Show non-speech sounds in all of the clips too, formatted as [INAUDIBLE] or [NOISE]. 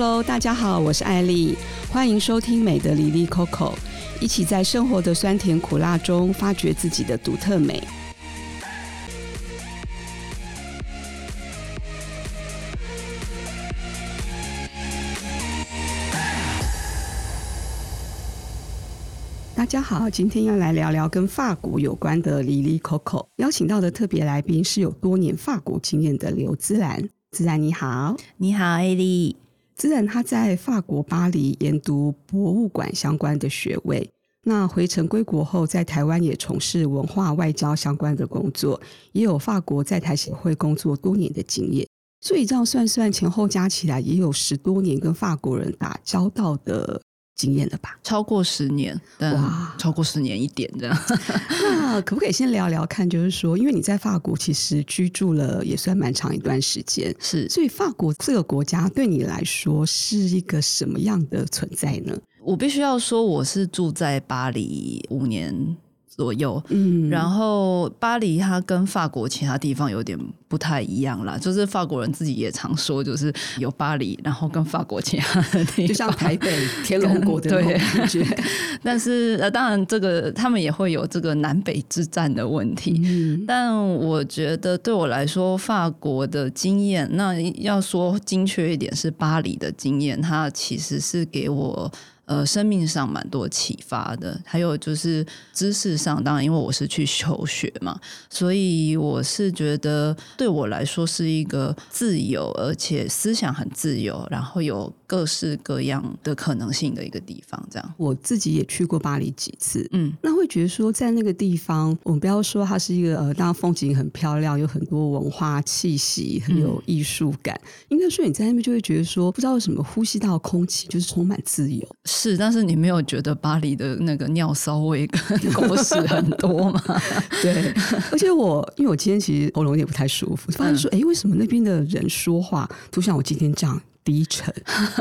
Hello，大家好，我是艾莉。歡迎收聽美的哩哩扣扣，一起在生活的酸甜苦辣中發掘自己的獨特美。大家好，今天要來聊聊跟法國有關的哩哩扣扣，邀請到的特別來賓是有多年法國經驗的劉姿蘭。姿蘭你好。你好，艾莉。Aili 姿蘭，他在法國巴黎研讀博物館相關的學位。那回程歸國後，在台灣也從事文化外交相關的工作，也有法國在台協會工作多年的經驗。所以這樣算算，前後加起來也有十多年跟法國人打交道的。經驗了吧，超過十年，哇，超過十年一點的 [LAUGHS] 可不可以先聊聊看？就是說，因為你在法國其實居住了也算蠻長一段時間，是，所以法國這個國家對你來說是一個什麼樣的存在呢？我必須要說，我是住在巴黎五年。左右，嗯，然後巴黎它跟法國其他地方有點不太一樣啦，就是法國人自己也常說，就是有巴黎，然後跟法國其他地方 [LAUGHS] 就像台北天龍國的那種感覺。 [LAUGHS] 對對對 [LAUGHS] 但是呃，當然這個他們也會有這個南北之戰的問題。嗯， [LAUGHS] 但我覺得對我來說，法國的經驗，那要說精確一點是巴黎的經驗，它其實是給我。呃，生命上蠻多啟發的，還有就是知識上，當然因為我是去求學嘛，所以我是覺得對我來說是一個自由，而且思想很自由，然後有各式各樣的可能性的一個地方。這樣，我自己也去過巴黎幾次，嗯，那會覺得說在那個地方，我們不要說它是一個呃，當然風景很漂亮，有很多文化氣息，很有藝術感。嗯，應該說你在那邊就會覺得說，不知道為什麼呼吸到空氣就是充滿自由。是，但是你沒有覺得巴黎的那個尿騷味跟狗屎很多嗎？ [LAUGHS] 對， [LAUGHS] 而且我因為我今天其實喉嚨有點不太舒服，發現說，哎、欸，為什麼那邊的人說話都像我今天這樣低沉，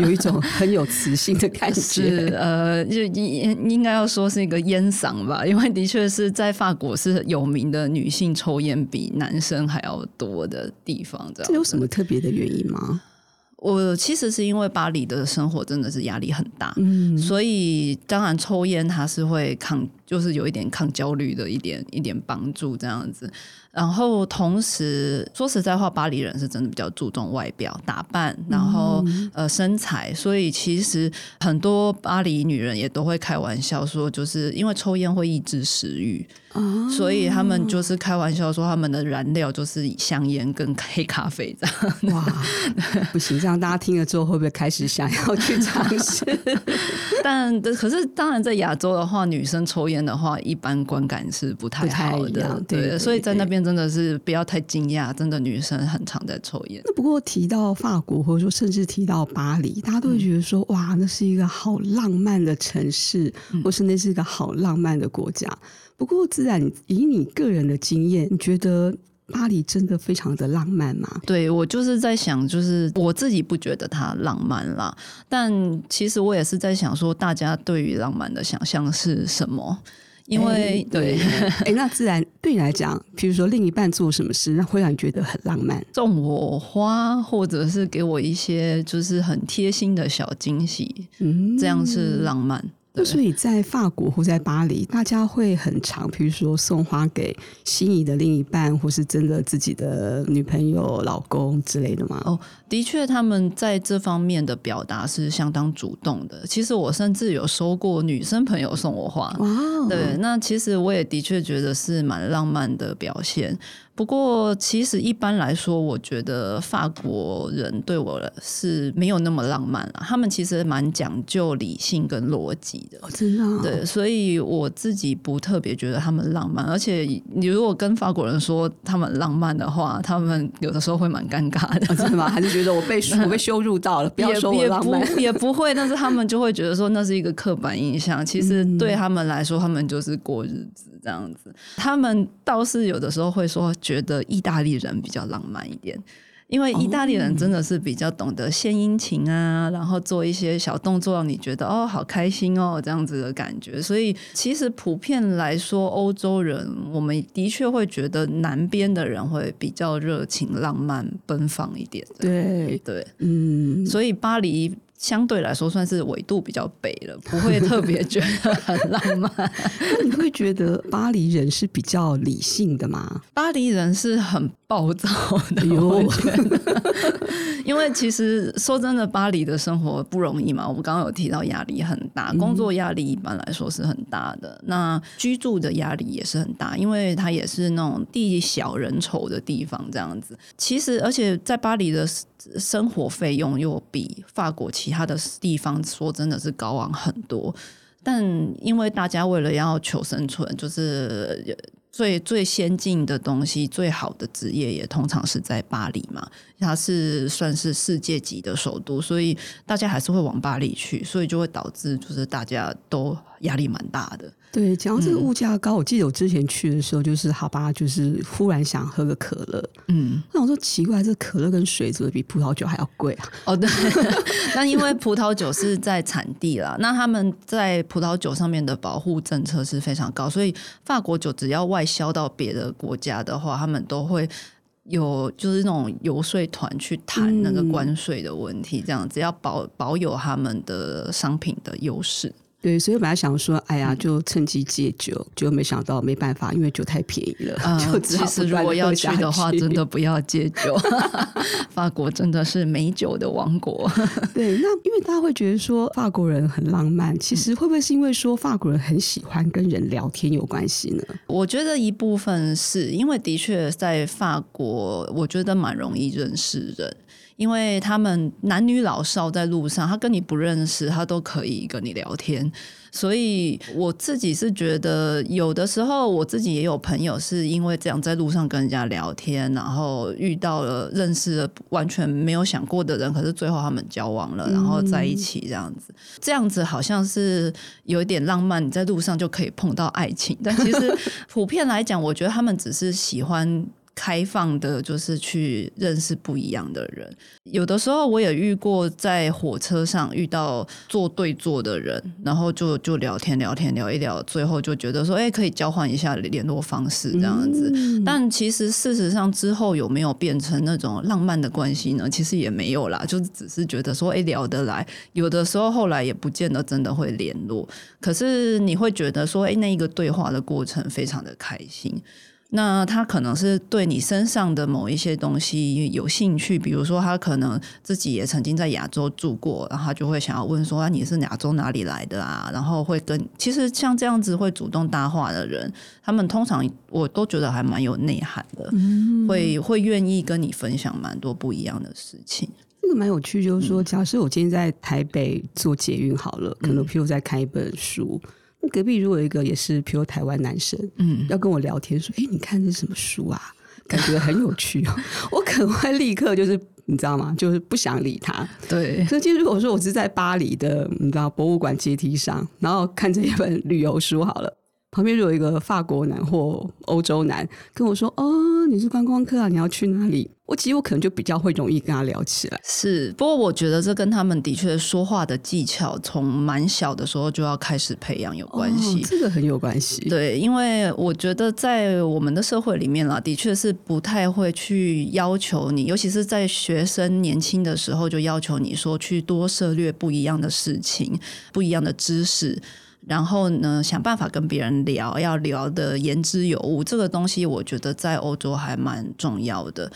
有一種很有磁性的感覺？ [LAUGHS] 是呃，就應應該要說是一個煙嗓吧，因為的確是在法國是有名的女性抽菸比男生還要多的地方這樣，這有什麼特別的原因嗎？我其實是因為巴黎的生活真的是壓力很大，嗯，所以當然抽煙它是會抗。就是有一點抗焦慮的一點一點幫助這樣子，然後同時說實在話，巴黎人是真的比較注重外表打扮，然後、嗯、呃身材，所以其實很多巴黎女人也都會開玩笑說，就是因為抽煙會抑制食慾啊、哦、所以他們就是開玩笑說他們的燃料就是香煙跟黑咖啡這樣。哇，不行，這樣大家聽了之後會不會開始想要去嘗試？ [LAUGHS] 是，但可是當然在亞洲的話，女生抽煙。的話，一般觀感是不太好的，對，對，對，所以在那邊真的是不要太驚訝，真的女生很常在抽煙。那不過提到法國，或者說甚至提到巴黎，大家都會覺得說，嗯、哇，那是一個好浪漫的城市、嗯，或是那是一個好浪漫的國家。不過，自然以你個人的經驗，你覺得？巴黎真的非常的浪漫嗎？對，我就是在想，就是我自己不覺得它浪漫啦，但其實我也是在想說，大家對於浪漫的想象是什麼？因為、欸、對，欸、 [LAUGHS] 那自然對你來講，比如說另一半做什麼事，那會讓你覺得很浪漫，送我花，或者是給我一些就是很貼心的小驚喜，嗯、這樣是浪漫。那所以在法國或在巴黎，大家會很常，譬如說送花給心儀的另一半，或是真的自己的女朋友、老公之類的嗎？哦、oh，的確，他們在這方面的表達是相當主動的。其實我甚至有收過女生朋友送我花，wow. 對，那其實我也的確覺得是蠻浪漫的表現。不過，其實一般來說，我覺得法國人對我是沒有那麼浪漫啦。他們其實蠻講究理性跟邏輯的。我知道。對，所以我自己不特別覺得他們浪漫。而且，你如果跟法國人說他們浪漫的話，他們有的時候會蠻尷尬的。哦，是嗎？還是覺得我被 [LAUGHS] 我被羞辱到了？不要說我浪漫。也，也不也不會， [LAUGHS] 但是他們就會覺得說那是一個刻板印象。其實對他們來說，他們就是過日子。這樣子，他們倒是有的時候會說，覺得意大利人比較浪漫一點，因為意大利人真的是比較懂得獻殷勤啊，哦嗯，然後做一些小動作，讓你覺得哦，好開心哦，這樣子的感覺。所以其實普遍來說，歐洲人我們的確會覺得南邊的人會比較熱情、浪漫、奔放一點。對對，嗯，所以巴黎。相對來說，算是緯度比較北了，不會特別覺得很浪漫。 [LAUGHS] 你會覺得巴黎人是比較理性的嗎？巴黎人是很暴躁的， [LAUGHS] 因為其實說真的，巴黎的生活不容易嘛。我們剛剛有提到壓力很大，工作壓力一般來說是很大的，嗯，那居住的壓力也是很大，因為它也是那種地小人稠的地方。這樣子，其實而且在巴黎的。生活費用又比法國其他的地方說真的是高昂很多，但因為大家為了要求生存，就是最最先進的東西，最好的職業也通常是在巴黎嘛，它是算是世界級的首都，所以大家還是會往巴黎去，所以就會導致就是大家都壓力蠻大的。對，講到這個物價高、嗯，我記得我之前去的時候，就是好吧，就是忽然想喝個可樂，嗯，那我說奇怪，這可樂跟水怎麼比葡萄酒還要貴啊？哦，對， [LAUGHS] 那因為葡萄酒是在產地啦， [LAUGHS] 那他們在葡萄酒上面的保護政策是非常高，所以法國酒只要外銷到別的國家的話，他們都會有就是那種游說團去談那個關稅的問題，這樣、嗯、只要保保有他們的商品的優勢。對，所以本來想說，哎呀，就趁機戒酒、嗯，就沒想到沒辦法，因為酒太便宜了。嗯、就其實如果要去的話，真的不要戒酒。 [LAUGHS] [LAUGHS] 法國真的是美酒的王國。 [LAUGHS] 對，那因為大家會覺得說法國人很浪漫，其實會不會是因為說法國人很喜歡跟人聊天有關係呢？我覺得一部分是因為的確在法國，我覺得蠻容易認識人。因為他們男女老少在路上，他跟你不認識，他都可以跟你聊天。所以我自己是覺得，有的時候我自己也有朋友是因為這樣在路上跟人家聊天，然後遇到了，認識了完全沒有想過的人，可是最後他們交往了，嗯、然後在一起這樣子，這樣子好像是有一點浪漫。你在路上就可以碰到愛情，但其實普遍來講，我覺得他們只是喜歡。 [LAUGHS] 開放的，就是去認識不一樣的人。有的時候，我也遇過在火車上遇到坐對座的人，然後就就聊天聊天聊一聊，最後就覺得說，哎、欸，可以交換一下聯絡方式這樣子、嗯。但其實事實上之後有沒有變成那種浪漫的關係呢？其實也沒有啦，就是只是覺得說，哎、欸，聊得來。有的時候後來也不見得真的會聯絡，可是你會覺得說，哎、欸，那一個對話的過程非常的開心。那他可能是對你身上的某一些東西有興趣，比如說他可能自己也曾經在亞洲住過，然後他就會想要問說，啊你是你亞洲哪裡來的啊？然後會跟其實像這樣子會主動搭話的人，他們通常我都覺得還蠻有內涵的，嗯、會會願意跟你分享蠻多不一樣的事情。這個蠻有趣，就是說，假、嗯、設我今天在台北做捷運好了、嗯，可能譬如在看一本書。隔壁如果有一個也是，譬如臺灣男生，嗯，要跟我聊天說：“誒、欸，你看這什麼書啊？感覺很有趣哦。 [LAUGHS] ”我可能會立刻就是，你知道嗎？就是不想理他。對。所以，其實如果說我是在巴黎的，你知道，博物館階梯上，然後看這一本旅遊書，好了。旁邊就有一個法國男或歐洲男跟我說：“哦，你是觀光客啊，你要去哪裡？”我其實我可能就比較會容易跟他聊起來。是，不過我覺得這跟他們的確說話的技巧，從蠻小的時候就要開始培養有關係。哦，這個很有關係。對，因為我覺得在我們的社會裡面啦，的確是不太會去要求你，尤其是在學生年輕的時候就要求你說去多涉獵不一樣的事情、不一樣的知識。然後呢，想辦法跟別人聊，要聊的言之有物。這個東西，我覺得在歐洲還蠻重要的。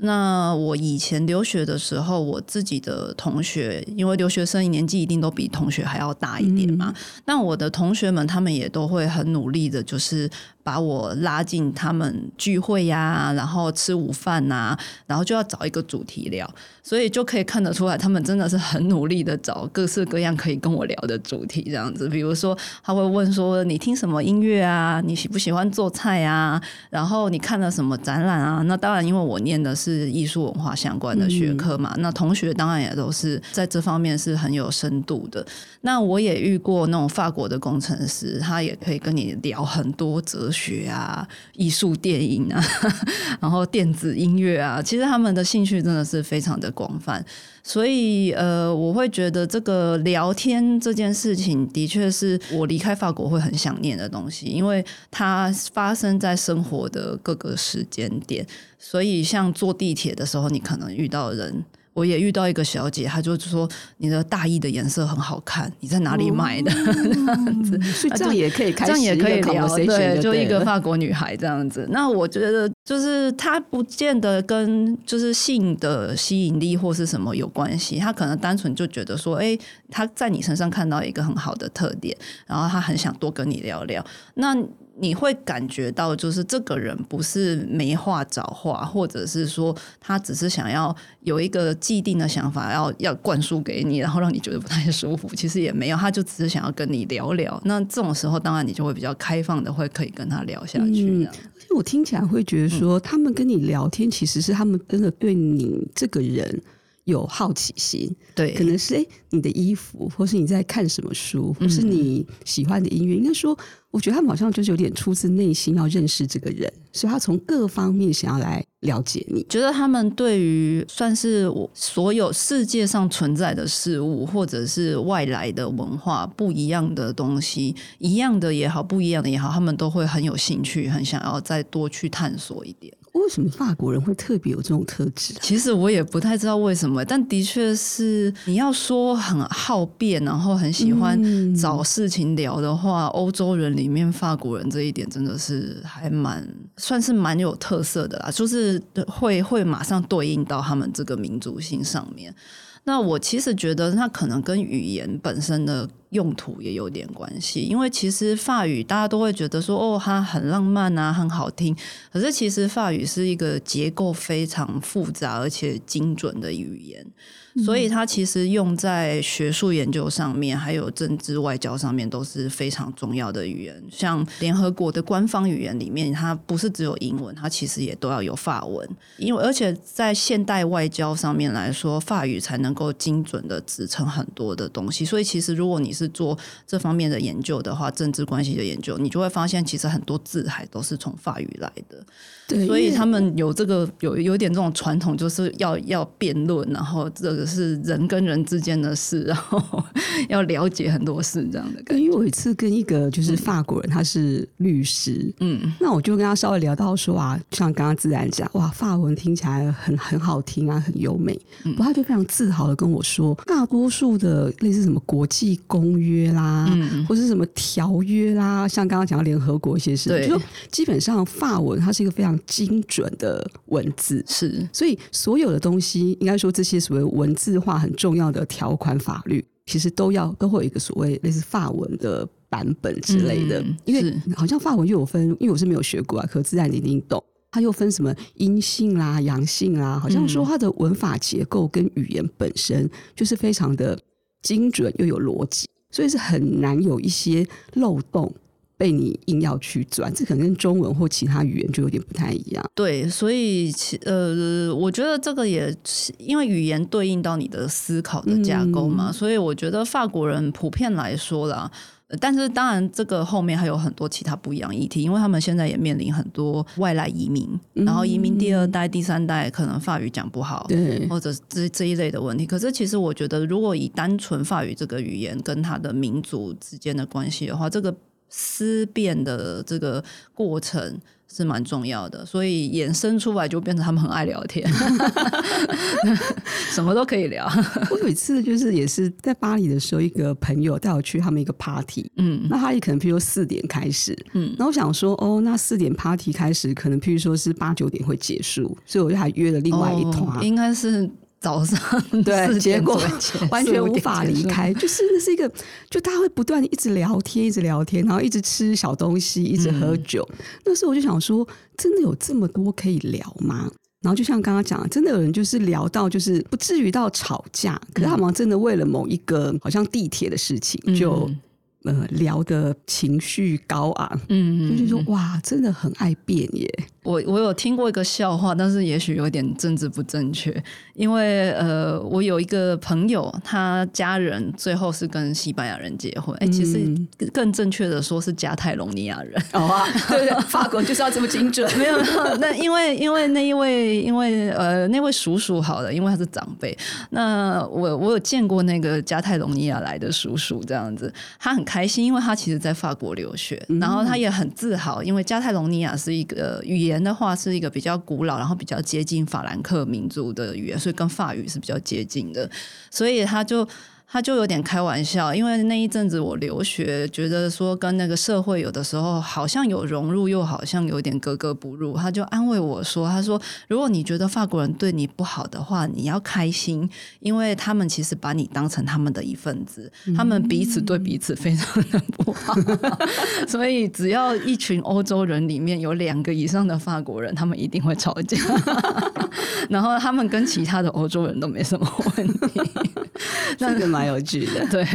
那我以前留學的時候，我自己的同學，因為留學生年紀一定都比同學還要大一點嘛。那我的同學們，他們也都會很努力的，就是把我拉進他們聚會呀、啊，然後吃午飯吶、啊，然後就要找一個主題聊，所以就可以看得出來，他們真的是很努力的找各式各樣可以跟我聊的主題這樣子。比如說，他會問說你聽什麼音樂啊？你喜不喜歡做菜啊？然後你看了什麼展覽啊？那當然，因為我念的是。是藝術文化相關的學科嘛，嗯。那同學當然也都是在這方面是很有深度的。那我也遇過那種法國的工程師，他也可以跟你聊很多哲學啊、藝術、電影啊， [LAUGHS] 然後電子音樂啊。其實他們的興趣真的是非常的廣泛。所以，呃，我會覺得這個聊天這件事情，的確是我離開法國會很想念的東西，因為它發生在生活的各個時間點。所以，像坐地鐵的時候，你可能遇到人。我也遇到一個小姐，她就說，你的大衣的顏色很好看，你在哪裡買的？嗯，這樣子，嗯，所以這樣也可以開始，這樣也可以聊的。就一個法國女孩，這樣子，那我覺得就是她不見得跟就是性的吸引力或是什麼有關係，她可能單純就覺得說，哎，她在你身上看到一個很好的特點，然後她很想多跟你聊聊。那你會感覺到，就是這個人不是沒話找話，或者是說他只是想要有一個既定的想法，要要灌輸給你，然後讓你覺得不太舒服。其實也沒有，他就只是想要跟你聊聊。那這種時候，當然你就會比較開放的，會可以跟他聊下去。嗯。而且我聽起來會覺得說，他們跟你聊天，其實是他們真的對你這個人有好奇心。對，可能是誒，你的衣服，或是你在看什麼書，或是你喜歡的音樂，嗯、應該說。我覺得他們好像就是有點出自內心要認識這個人，所以他從各方面想要來了解你。你覺得他們對於算是我所有世界上存在的事物，或者是外來的文化、不一樣的東西，一樣的也好，不一樣的也好，他們都會很有興趣，很想要再多去探索一點。為什麼法國人會特別有這種特質啊？其實我也不太知道為什麼，但的確是你要說很好辯，然後很喜歡找事情聊的話，嗯，歐洲人。裡面法國人這一點真的是還蠻算是蠻有特色的啦，就是會會馬上對應到他們這個民族性上面。那我其實覺得它可能跟語言本身的用途也有點關係，因為其實法語大家都會覺得說哦，它很浪漫啊，很好聽。可是其實法語是一個結構非常複雜而且精準的語言。所以它其實用在學術研究上面，還有政治外交上面都是非常重要的語言。像聯合國的官方語言裡面，它不是只有英文，它其實也都要有法文。因為而且在現代外交上面來說，法語才能夠精準的支撐很多的東西。所以其實如果你是做這方面的研究的話，政治關係的研究，你就會發現其實很多字還都是從法語來的。對，所以他們有這個有有點這種傳統，就是要要辯論，然後這個是人跟人之間的事，然後要了解很多事這樣的。因為我有一次跟一個就是法國人，他是律師，嗯，那我就跟他稍微聊到說，啊，像剛剛姿蘭講，哇，法文聽起來很很好聽啊，很優美，嗯、不過他就非常自豪的跟我說，大多數的類似什麼國際公約啦，嗯、或者是什麼條約啦，像剛剛講到聯合國一些事，對，就基本上法文它是一個非常。精準的文字是，所以所有的東西，應該說這些所謂文字化很重要的條款、法律，其實都要都會有一個所謂類似法文的版本之類的。嗯，因為好像法文又有分，因為我是沒有學過啊，可自然你一定懂。它又分什麼陰性啦、陽性啦，好像說它的文法結構跟語言本身就是非常的精準又有邏輯，所以是很難有一些漏洞。被你硬要去轉，這可能跟中文或其他語言就有點不太一樣。對，所以其呃，我覺得這個也是因為語言對應到你的思考的架構嘛，嗯、所以我覺得法國人普遍來說啦、呃，但是當然這個後面還有很多其他不一樣議題，因為他們現在也面臨很多外來移民，嗯、然後移民第二代、第三代可能法語講不好，對，或者這這一類的問題。可是其實我覺得，如果以單純法語這個語言跟他的民族之間的關係的話，這個。思辨的這個過程是蠻重要的，所以衍生出來就變成他們很愛聊天， [LAUGHS] [LAUGHS] 什麼都可以聊。我有一次就是也是在巴黎的時候，一個朋友帶我去他們一個 party，嗯，那他也可能譬如說四點開始，嗯，那我想說哦，那四點 party 開始，可能譬如說是八九點會結束，所以我就還約了另外一團，哦，應該是。早上對前前。結果完全無法離開，前前，就是那是一個， [LAUGHS] 就大家會不斷地一直聊天，一直聊天，然後一直吃小東西，一直喝酒。嗯、那時候我就想說，真的有這麼多可以聊嗎？然後就像剛剛講的，真的有人就是聊到，就是不至於到吵架，可是他們真的為了某一個好像地鐵的事情就、嗯、呃聊得情緒高昂、啊，嗯，所以就是說、嗯、哇，真的很愛辯耶。我我有聽過一個笑話，但是也許有點政治不正確，因為呃，我有一個朋友，他家人最後是跟西班牙人結婚，欸，其實更正確的說是加泰隆尼亞人。哦啊，對對對， [LAUGHS] 法國就是要這麼精準。沒 [LAUGHS] 有沒有，那因為因為那一位因為呃那位叔叔好了，因為他是長輩。那我我有見過那個加泰隆尼亞來的叔叔，這樣子，他很開心，因為他其實在法國留學，然後他也很自豪，因為加泰隆尼亞是一個語言人。人的話是一個比較古老，然後比較接近法蘭克民族的語言，所以跟法語是比較接近的，所以他就。他就有點開玩笑，因為那一陣子我留學，覺得說跟那個社會有的時候好像有融入，又好像有點格格不入。他就安慰我說：“他說，如果你覺得法國人對你不好的話，你要開心，因為他們其實把你當成他們的一份子。嗯、他們彼此對彼此非常的不好， [LAUGHS] 所以只要一群歐洲人裡面有兩個以上的法國人，他們一定會吵架。 [LAUGHS] [LAUGHS] 然後他們跟其他的歐洲人都沒什麼問題。” [LAUGHS] 那也蠻、這個、有趣的， [LAUGHS] 對，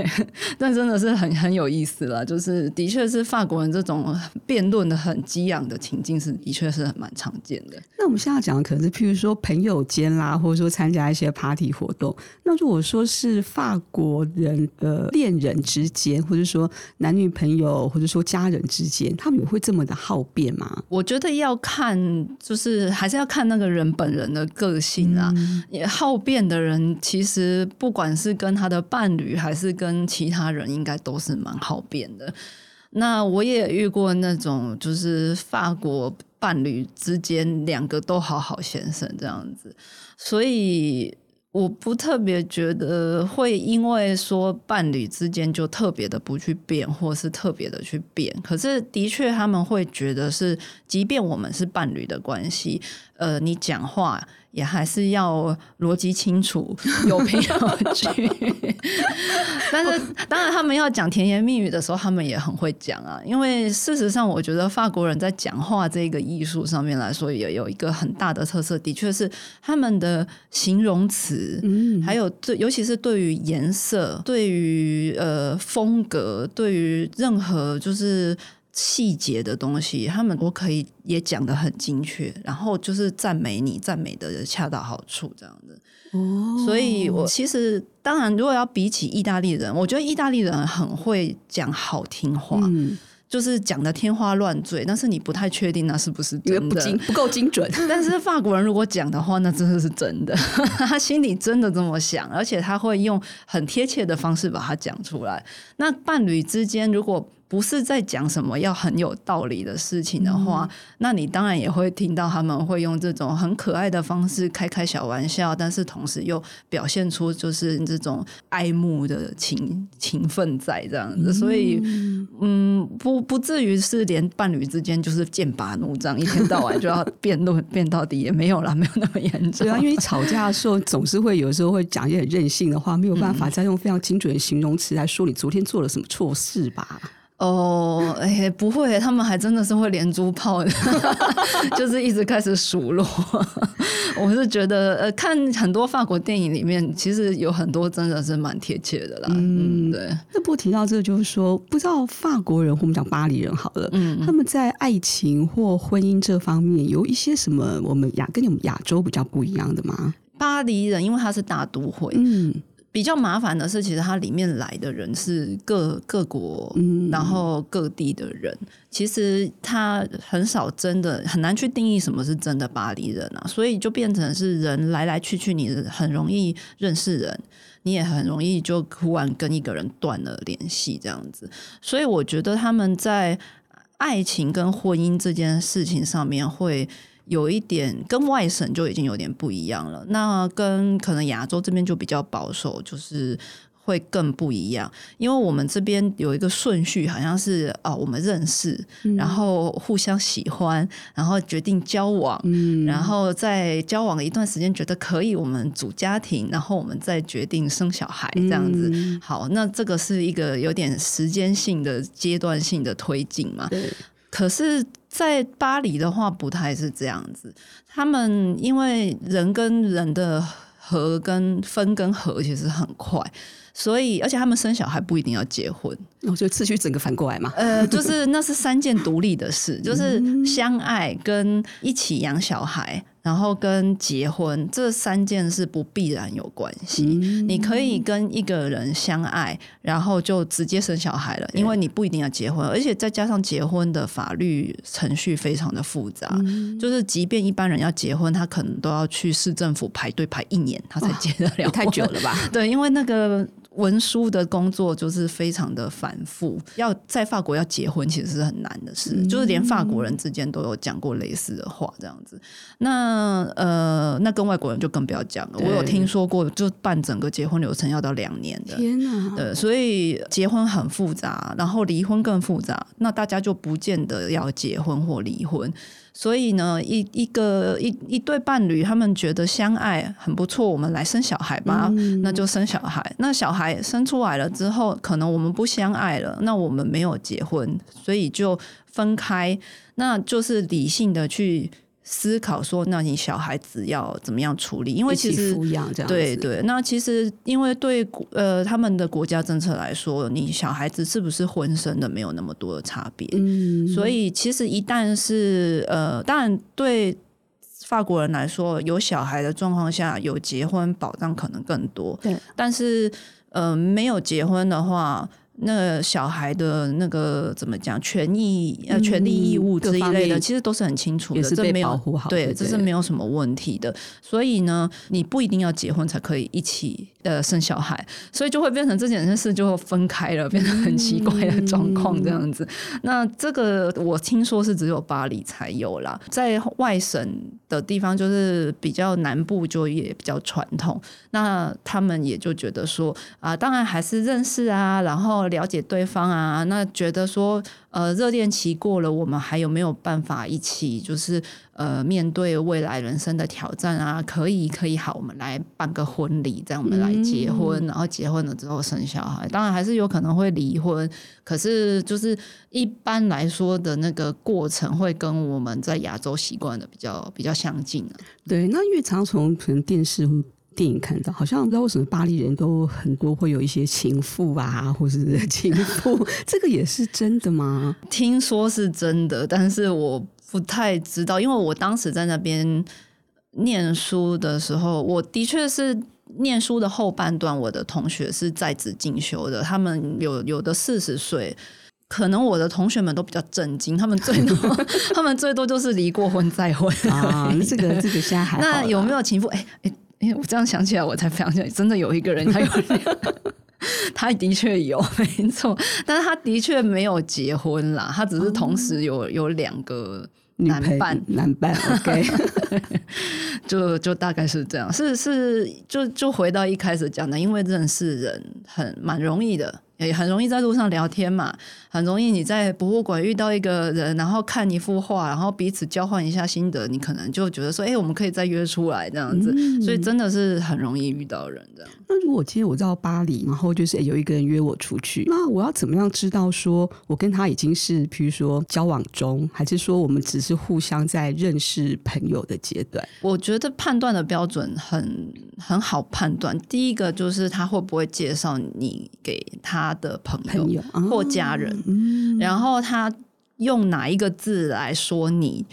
那真的是很很有意思了。就是，的確是法國人這種辯論的很激昂的情境是，的是的確是蠻常見的。那我們現在講的可能是，譬如說朋友間啦，或者說參加一些 party 活動。那如果說是法國人，呃，戀人之間，或者說男女朋友，或者說家人之間，他們也會這麼的好辯嗎？我覺得要看，就是還是要看那個人本人的個性啊。嗯、也好辯的人，其實不管。是跟他的伴侶，還是跟其他人，應該都是蠻好辯的。那我也遇過那種，就是法國伴侶之間兩個都好好先生這樣子，所以我不特別覺得會因為說伴侶之間就特別的不去辯，或是特別的去辯。可是的確，他們會覺得是，即便我們是伴侶的關係。呃，你講話也還是要邏輯清楚， [LAUGHS] 有憑有據。 [LAUGHS] 但是，當然，他們要講甜言蜜語的時候，他們也很會講啊。因為事實上，我覺得法國人在講話這個藝術上面來說，也有一個很大的特色，的確是他們的形容詞，嗯、還有對，尤其是對於顏色、對於呃風格、對於任何就是。細節的東西，他們我可以也講得很精確，然後就是讚美你，讚美的、就是、恰到好處這樣子哦，所以我其實當然，如果要比起意大利人，我覺得意大利人很會講好聽話，嗯、就是講得天花亂墜，但是你不太確定那是不是真的不，精不夠精準。 [LAUGHS] 但是法國人如果講的話，那真的是真的， [LAUGHS] 他心裡真的這麼想，而且他會用很貼切的方式把它講出來。那伴侶之間如果。不是在講什麼要很有道理的事情的話、嗯，那你當然也會聽到他們會用這種很可愛的方式開開小玩笑，但是同時又表現出就是這種愛慕的情情分在這樣子，嗯、所以嗯，不不至於是連伴侶之間就是劍拔弩張，一天到晚就要辯論 [LAUGHS] 辯到底也沒有啦，沒有那麼嚴重對啊。因為你吵架的時候總是會有時候會講一些很任性的話，沒有辦法再用非常精準的形容詞來說你昨天做了什麼錯事吧。嗯哦、oh, 欸，不會，他們還真的是會連珠炮的， [LAUGHS] [LAUGHS] 就是一直開始數落。 [LAUGHS] 我是覺得、呃，看很多法國電影裡面，其實有很多真的是蠻貼切的啦。嗯，嗯對。那不過提到這個，就是說，不知道法國人或我們講巴黎人好了、嗯，他們在愛情或婚姻這方面有一些什麼我們亞跟我們亞洲比較不一樣的嗎？巴黎人，因為他是大都會，嗯。比較麻煩的是，其實它裡面來的人是各各國，然後各地的人，嗯嗯嗯，其實他很少真的很難去定義什麼是真的巴黎人啊，所以就變成是人來來去去，你很容易認識人，你也很容易就忽然跟一個人斷了聯繫這樣子，所以我覺得他們在愛情跟婚姻這件事情上面會有一點跟外省就已經有點不一樣了，那跟可能亞洲這邊就比較保守，就是會更不一樣。因為我們這邊有一個順序，好像是啊，我們認識，嗯，然後互相喜歡，然後決定交往，嗯，然後再交往一段時間覺得可以，我們組家庭，然後我們再決定生小孩，嗯、這樣子。好，那這個是一個有點時間性的、階段性的推進嘛，嗯、可是。在巴黎的話不太是這樣子，他們因為人跟人的合跟分跟合其實很快，所以而且他們生小孩不一定要結婚，我覺得次序整個反過來嘛。呃，就是那是三件獨立的事， [LAUGHS] 就是相愛跟一起養小孩。然後跟結婚這三件事不必然有關係，嗯，你可以跟一個人相愛，然後就直接生小孩了，因為你不一定要結婚，而且再加上結婚的法律程序非常的複雜，嗯，就是即便一般人要結婚，他可能都要去市政府排隊排一年，他才結得了，啊，太久了吧？ [LAUGHS] 對，因為那個。文書的工作就是非常的繁複，要在法國要結婚其實是很難的事。嗯、就是連法國人之間都有講過類似的話這樣子。那呃，那跟外國人就更不要講了。我有聽說過，就辦整個結婚流程要到兩年的。天哪！對，所以結婚很複雜，然後離婚更複雜，那大家就不見得要結婚或離婚。所以呢，一一個一一對伴侶，他們覺得相愛很不錯，我們來生小孩吧，嗯，那就生小孩。那小孩生出來了之後，可能我們不相愛了，那我們沒有結婚，所以就分開。那就是理性的去思考說，那你小孩子要怎麼樣處理？因為其實對對，那其實因為對呃，他們的國家政策來說，你小孩子是不是婚生的沒有那麼多的差別？嗯嗯嗯，所以其實一旦是呃，當然對法國人來說，有小孩的狀況下有結婚保障，可能更多，對，但是呃，沒有結婚的話，那個、小孩的那個怎麼講權益呃、嗯、權利義務這一類的，其實都是很清楚的，保護好這沒有對，對，對，對，這是沒有什麼問題的。所以呢，你不一定要結婚才可以一起呃生小孩，所以就會變成這件事就分開了，變成很奇怪的狀況這樣子、嗯。那這個我聽說是只有巴黎才有啦，在外省的地方就是比較南部就也比較傳統，那他們也就覺得說啊、呃，當然還是認識啊，然後。了解對方啊，那覺得說，呃，熱戀期過了，我們還有沒有辦法一起，就是呃，面對未來人生的挑戰啊？可以，可以，好，我們來辦個婚禮，這樣我們來結婚、嗯，然後結婚了之後生小孩。當然還是有可能會離婚，可是就是一般來說的那個過程會跟我們在亞洲習慣的比較比較相近啊。對，那越長從可能電視。電影看到，好像不知道為什麼巴黎人都很多會有一些情婦啊，或者是情婦，這個也是真的嗎？聽說是真的，但是我不太知道，因為我當時在那邊念書的時候，我的確是念書的後半段，我的同學是在職進修的，他們有有的四十歲，可能我的同學們都比較震驚，他們最多 [LAUGHS] 他們最多就是離過婚再婚啊， [LAUGHS] 這個這個現在還那有沒有情婦？哎哎。因、欸、為我這樣想起來，我才發現真的有一個人，他有， [LAUGHS] [LAUGHS] 他的確有，沒錯，但是他的確沒有結婚啦，他只是同時有有兩個男伴，男伴，OK， [LAUGHS] [LAUGHS] 就就大概是這樣，是是，就就回到一開始講的，因為認識人很蠻容易的。也、欸、很容易在路上聊天嘛，很容易你在博物館遇到一個人，然後看一幅畫，然後彼此交換一下心得，你可能就覺得說，哎、欸，我們可以再約出來這樣子嗯嗯，所以真的是很容易遇到人這樣。那如果今天我到巴黎，然後就是、欸、有一個人約我出去，那我要怎麼樣知道說我跟他已經是，譬如說交往中，還是說我們只是互相在認識朋友的階段？我覺得判斷的標準很很好判斷，第一個就是他會不會介紹你給他。的朋友或家人、哦嗯，然後他用哪一個字來說你？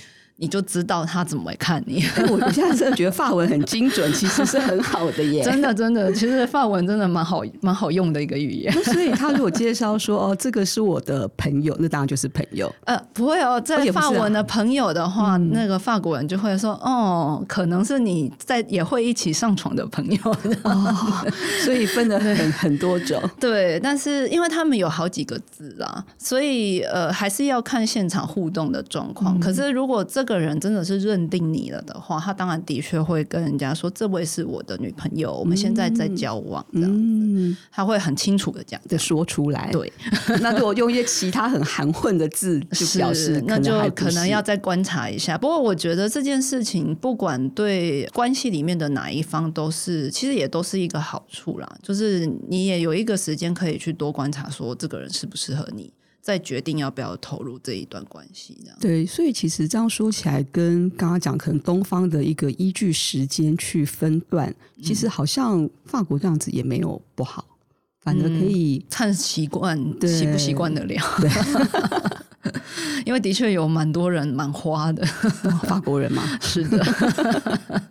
你就知道他怎麼會看你、欸。我我現在真的覺得法文很精準， [LAUGHS] 其實是很好的耶。 [LAUGHS] 真的，真的，其實法文真的蠻好，蠻好用的一個語言。所以他如果介紹說 [LAUGHS] 哦，這個是我的朋友，那當然就是朋友。呃，不會哦，在法文的朋友的話，哦啊、那個法國人就會說哦，可能是你在也會一起上床的朋友。哦、 [LAUGHS] 所以分得很 [LAUGHS] 很多種。對，但是因為他們有好幾個字啦，所以呃，還是要看現場互動的狀況、嗯。可是如果這個這個人真的是認定你了的話，他當然的確會跟人家說：“這位是我的女朋友，嗯、我們現在在交往這樣子。嗯”他會很清楚的講就說出來。對， [LAUGHS] 那如果用一些其他很含混的字去表示是不是，那就可能要再觀察一下。不過我覺得這件事情，不管對關係裡面的哪一方，都是其實也都是一個好處啦。就是你也有一個時間可以去多觀察，說這個人適不適合你。再決定要不要投入這一段關係，這樣，對，所以其實這樣說起來跟剛剛講，跟剛剛講可能東方的一個依據時間去分段，其實好像法國這樣子也沒有不好，嗯、反而可以，嗯，看習慣，習不習慣得了。對 [LAUGHS] 因為的確有蠻多人蠻花的，哦，法國人嘛，是的。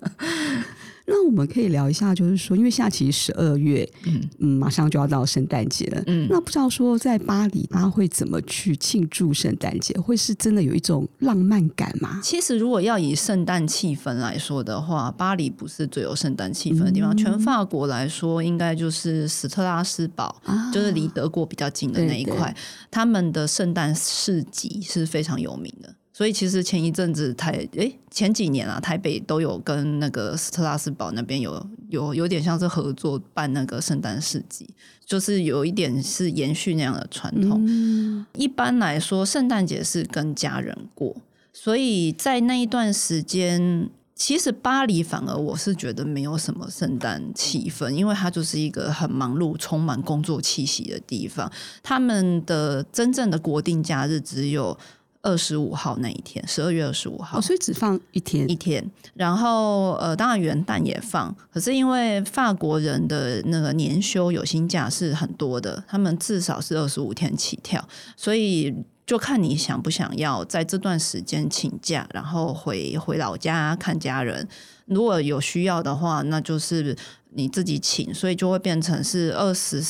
[LAUGHS] 那我們可以聊一下，就是說，因為下期十二月嗯，嗯，馬上就要到聖誕節了，嗯，那不知道說在巴黎，他會怎麼去慶祝聖誕節？會是真的有一種浪漫感嗎？其實，如果要以聖誕氣氛來說的話，巴黎不是最有聖誕氣氛的地方，嗯、全法國來說，應該就是斯特拉斯堡、啊，就是離德國比較近的那一塊，對，對，他們的聖誕市集是非常有名的。所以其實前一陣子台誒，前幾年啊台北都有跟那個斯特拉斯堡那邊有有有點像是合作辦那個聖誕市集，就是有一點是延續那樣的傳統。嗯、一般來說，聖誕節是跟家人過，所以在那一段時間，其實巴黎反而我是覺得沒有什麼聖誕氣氛，因為它就是一個很忙碌、充滿工作氣息的地方。他們的真正的國定假日只有。二十五號那一天，十二月二十五號。哦，所以只放一天。一天。然後，呃，當然元旦也放，可是因為法國人的那個年休有薪假是很多的，他們至少是二十五天起跳，所以就看你想不想要在這段時間請假，然後回回老家看家人。如果有需要的話，那就是。你自己請，所以就會變成是二十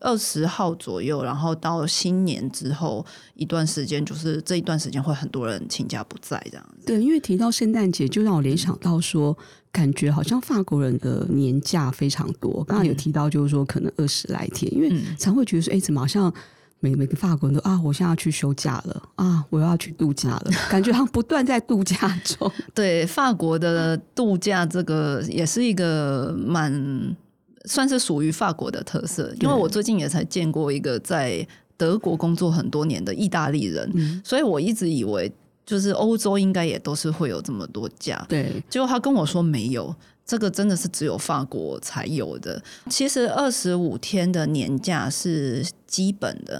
二十號左右，然後到新年之後一段時間，就是這一段時間會很多人請假不在這樣子。對，因為提到聖誕節，就讓我聯想到說，感覺好像法國人的年假非常多。剛剛有提到就是說，可能二十來天，嗯、因為常會覺得說，哎，怎麼好像。每每個法國人都啊，我現在要去休假了啊，我又要去度假了，感覺好像不斷在度假中。 [LAUGHS] 對，法國的度假這個也是一個蠻算是屬於法國的特色，因為我最近也才見過一個在德國工作很多年的意大利人，嗯，所以我一直以為就是歐洲應該也都是會有這麼多假，對。結果他跟我說沒有。這個真的是只有法國才有的。其實二十五天的年假是基本的，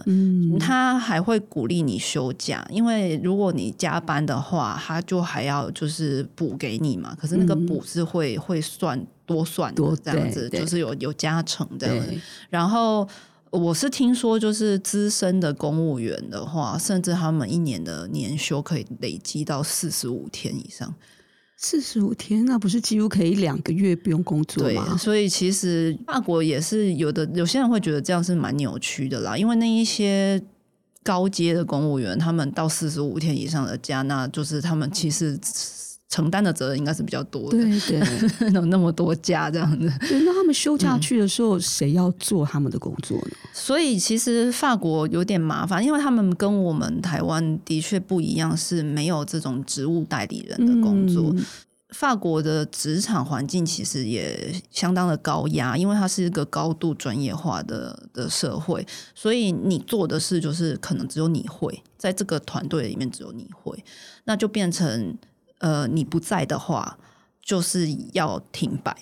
他、嗯、還會鼓勵你休假，因為如果你加班的話，他就還要就是補給你嘛。可是那個補是會、嗯、會算多算多這樣子，就是有有加成這樣對。然後我是聽說，就是資深的公務員的話，甚至他們一年的年休可以累積到四十五天以上。四十五天，那不是幾乎可以兩個月不用工作嗎？對，所以其實法國也是有的，有些人會覺得這樣是蠻扭曲的啦，因為那一些高階的公務員，他們到四十五天以上的假，那就是他們其實、嗯。承擔的責任應該是比較多的，對對， [LAUGHS] 有那麼多家這樣子。對，那他們休假去的時候，嗯、誰要做他們的工作呢？所以其實法國有點麻煩，因為他們跟我們台灣的確不一樣，是沒有這種職務代理人的工作。嗯、法國的職場環境其實也相當的高壓，因為它是一個高度專業化的的社會，所以你做的事就是可能只有你會，在這個團隊裡面只有你會，那就變成。呃，你不在的話，就是要停擺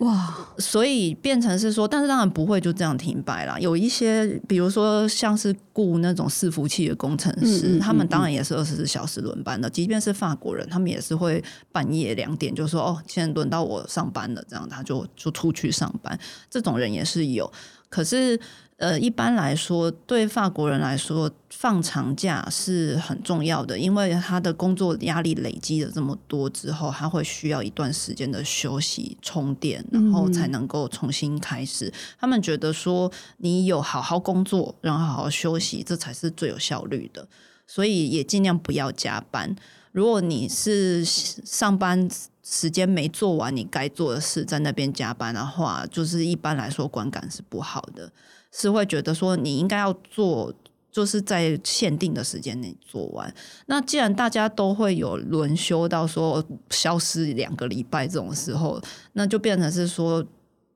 哇，所以變成是說，但是當然不會就這樣停擺啦。有一些，比如說像是雇那種伺服器的工程師，嗯嗯嗯嗯他們當然也是二十四小時輪班的。即便是法國人，他們也是會半夜兩點就說：“哦，現在輪到我上班了。”這樣他就就出去上班。這種人也是有，可是。呃，一般來說，對法國人來說，放長假是很重要的，因為他的工作壓力累積了這麼多之後，他會需要一段時間的休息充電，然後才能夠重新開始。嗯。他們覺得說，你有好好工作，然後好好休息，這才是最有效率的。所以也儘量不要加班。如果你是上班時間沒做完你該做的事，在那邊加班的話，就是一般來說，觀感是不好的。是會覺得說你應該要做，就是在限定的時間內做完。那既然大家都會有輪休到說消失兩個禮拜這種時候，那就變成是說，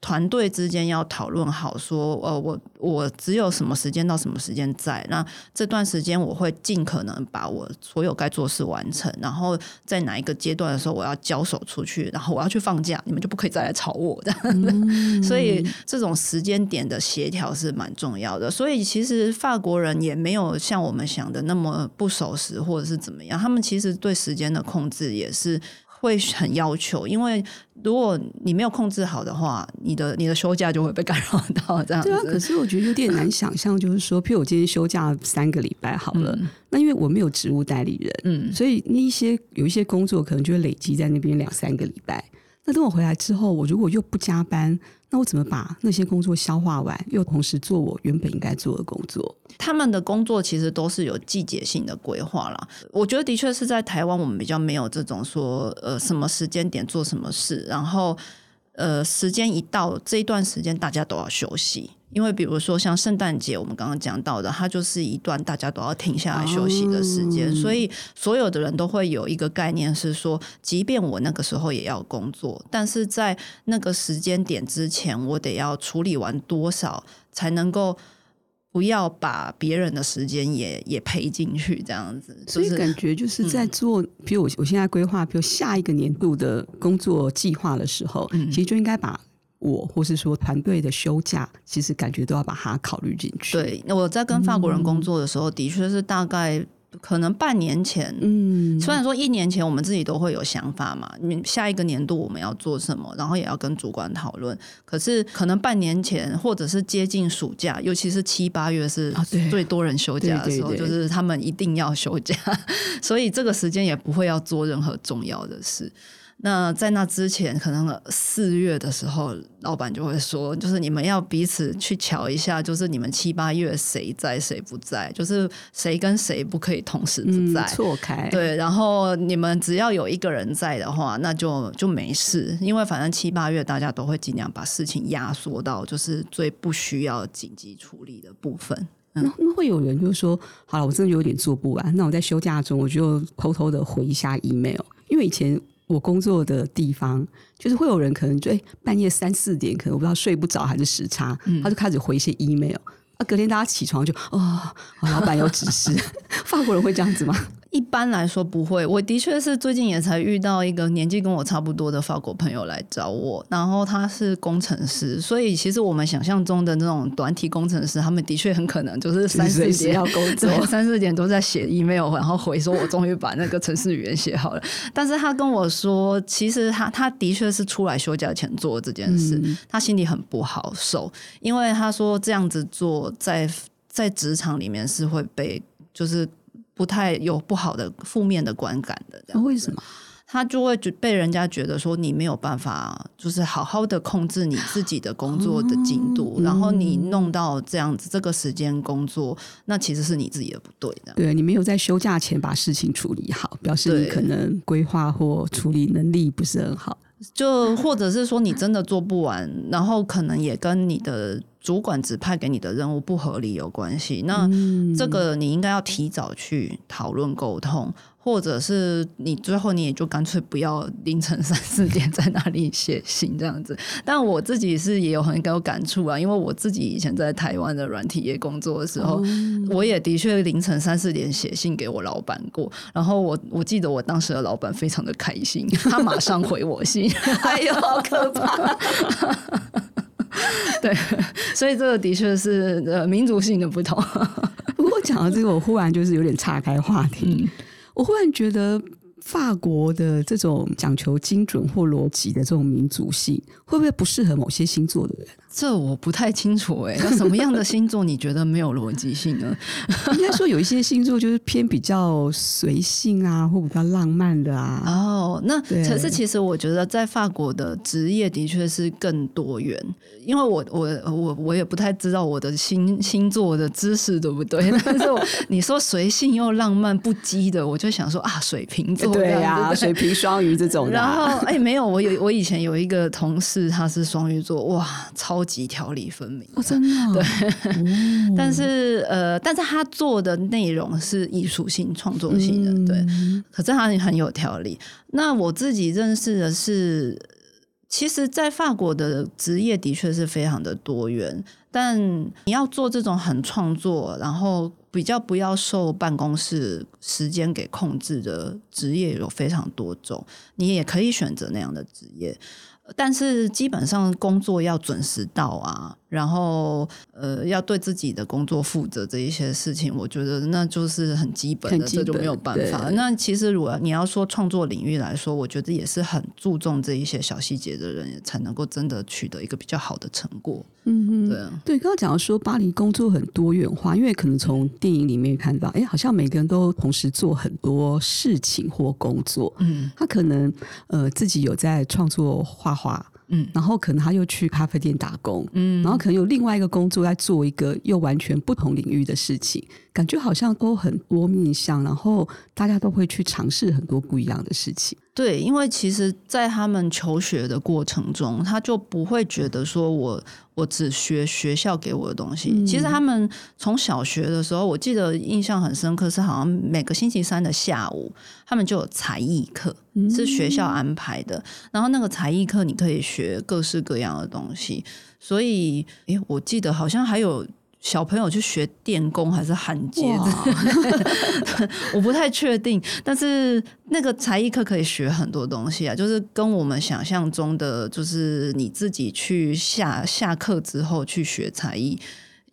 團隊之間要討論好說，說呃，我我只有什麼時間到什麼時間在，那這段時間我會盡可能把我所有該做事完成，然後在哪一個階段的時候我要交手出去，然後我要去放假，你們就不可以再來吵我。這樣的，嗯、 [LAUGHS] 所以這種時間點的協調是蠻重要的。所以其實法國人也沒有像我們想的那麼不守時或者是怎麼樣，他們其實對時間的控制也是。會很要求，因為如果你沒有控制好的話，你的你的休假就會被干擾到這樣子。對啊，可是我覺得有點難想象，就是說， [LAUGHS] 譬如我今天休假三個禮拜好了，嗯，那因為我沒有職務代理人，嗯，所以那一些有一些工作可能就會累積在那邊兩三個禮拜。那等我回來之後，我如果又不加班。那我怎麼把那些工作消化完，又同時做我原本應該做的工作？他們的工作其實都是有季節性的規劃啦。我覺得的確是在台灣，我們比較沒有這種說，呃，什麼時間點做什麼事，然後，呃，時間一到，這一段時間大家都要休息。因為比如說像聖誕節，我們剛剛講到的，它就是一段大家都要停下來休息的時間，哦、所以所有的人都會有一個概念，是說，即便我那個時候也要工作，但是在那個時間點之前，我得要處理完多少，才能夠不要把別人的時間也也賠進去，這樣子、就是。所以感覺就是在做，比、嗯、如我我現在規劃，比如下一個年度的工作計劃的時候，嗯、其實就應該把。我或是說團隊的休假，其實感覺都要把它考慮進去。對，那我在跟法國人工作的時候，嗯、的確是大概可能半年前，嗯，雖然說一年前我們自己都會有想法嘛，你下一個年度我們要做什麼，然後也要跟主管討論。可是可能半年前，或者是接近暑假，尤其是七八月是最多人休假的時候，啊、對對對，就是他們一定要休假，所以這個時間也不會要做任何重要的事。那在那之前，可能四月的時候，老闆就會說，就是你們要彼此去瞧一下，就是你們七八月誰在誰不在，就是誰跟誰不可以同時不在，錯開。對，然後你們只要有一個人在的話，那就就沒事，因為反正七八月大家都會儘量把事情壓縮到就是最不需要緊急處理的部分。那會有人就說，好了，我真的有點做不完，那我在休假中，我就偷偷的回一下 email，因為以前。我工作的地方，就是會有人可能就、欸、半夜三四點，可能我不知道睡不着還是時差、嗯，他就開始回一些 email，啊。隔天大家起床就哦，哦，老闆有指示。 [LAUGHS] 法國人會這樣子嗎？一般來說不會，我的確是最近也才遇到一個年紀跟我差不多的法國朋友來找我，然後他是工程師，所以其實我們想象中的那種短體工程師，他們的確很可能就是三四點要工作，三四點都在寫 email，然後回說我終於把那個程式語言寫好了。 [LAUGHS] 但是他跟我說，其實他他的確是出來休假前做這件事、嗯，他心裡很不好受，因為他說這樣子做在在職場裡面是會被就是。不太有不好的負面的觀感的，為什麼？他就會被人家覺得說你沒有辦法，就是好好的控制你自己的工作的進度，嗯，然後你弄到這樣子，這個時間工作，那其實是你自己的不對的。對，你沒有在休假前把事情處理好，表示你可能規劃或處理能力不是很好，就或者是說你真的做不完，然後可能也跟你的。主管指派給你的任務不合理有關係，那這個你應該要提早去討論溝通，或者是你最後你也就乾脆不要凌晨三四點在那裡寫信這樣子。但我自己是也有很有感觸啊，因為我自己以前在台灣的軟體業工作的時候，我也的確凌晨三四點寫信給我老板過，然後我我記得我當時的老板非常的開心，他馬上回我信， [LAUGHS] 哎呦，好可怕。 [LAUGHS] [LAUGHS] 對，所以這個的確是、呃、民族性的不同。 [LAUGHS] 不過講到這個，我忽然就是有點岔開話題、嗯。我忽然覺得法國的這種講求精準或邏輯的這種民族性，會不會不適合某些星座的人？這我不太清楚哎、欸，那什麼樣的星座你覺得沒有邏輯性呢？應 [LAUGHS] 該說有一些星座就是偏比較隨性啊，或比較浪漫的啊。哦，那可是其實我覺得在法國的職業的確是更多元，因為我我我我也不太知道我的星星座的知識對不對？但是你說隨性又浪漫不羈的，我就想說啊，水瓶座對呀、啊，水瓶雙魚這種。然後哎，沒有，我有我以前有一個同事他是雙魚座，哇，超，極條理分明、哦，真的。哦。對，哦。但是呃，但是他做的內容是藝術性、創作性的，嗯，對。可是他很有條理。那我自己認識的是，其實，在法國的職業的確是非常的多元。但你要做這種很創作，然後比較不要受辦公室時間給控制的職業，有非常多種。你也可以選擇那樣的職業。但是基本上工作要準時到啊。然後，呃，要對自己的工作負責這一些事情，我覺得那就是很基本的，很基本這就沒有辦法。那其實，如果你要說創作領域來說，我覺得也是很注重這一些小細節的人，才能夠真的取得一個比較好的成果。嗯哼，對。對，剛剛講到說巴黎工作很多元化，因為可能從電影裡面看到，哎，好像每個人都同時做很多事情或工作。嗯，他可能呃自己有在創作畫畫。嗯，然後可能他又去咖啡店打工，嗯，然後可能有另外一個工作在做一個又完全不同領域的事情。感覺好像都很多面向，然後大家都會去嘗試很多不一樣的事情。對，因為其實，在他們求學的過程中，他就不會覺得說我我只學學校給我的東西。嗯。其實他們從小學的時候，我記得印象很深刻是，好像每個星期三的下午，他們就有才藝課，是學校安排的。嗯。然後那個才藝課，你可以學各式各樣的東西。所以，哎，我記得好像還有。小朋友去學電工還是焊接？ [LAUGHS] 我不太確定， [LAUGHS] 但是那個才藝課可以學很多東西啊，就是跟我們想象中的，就是你自己去下下課之後去學才藝。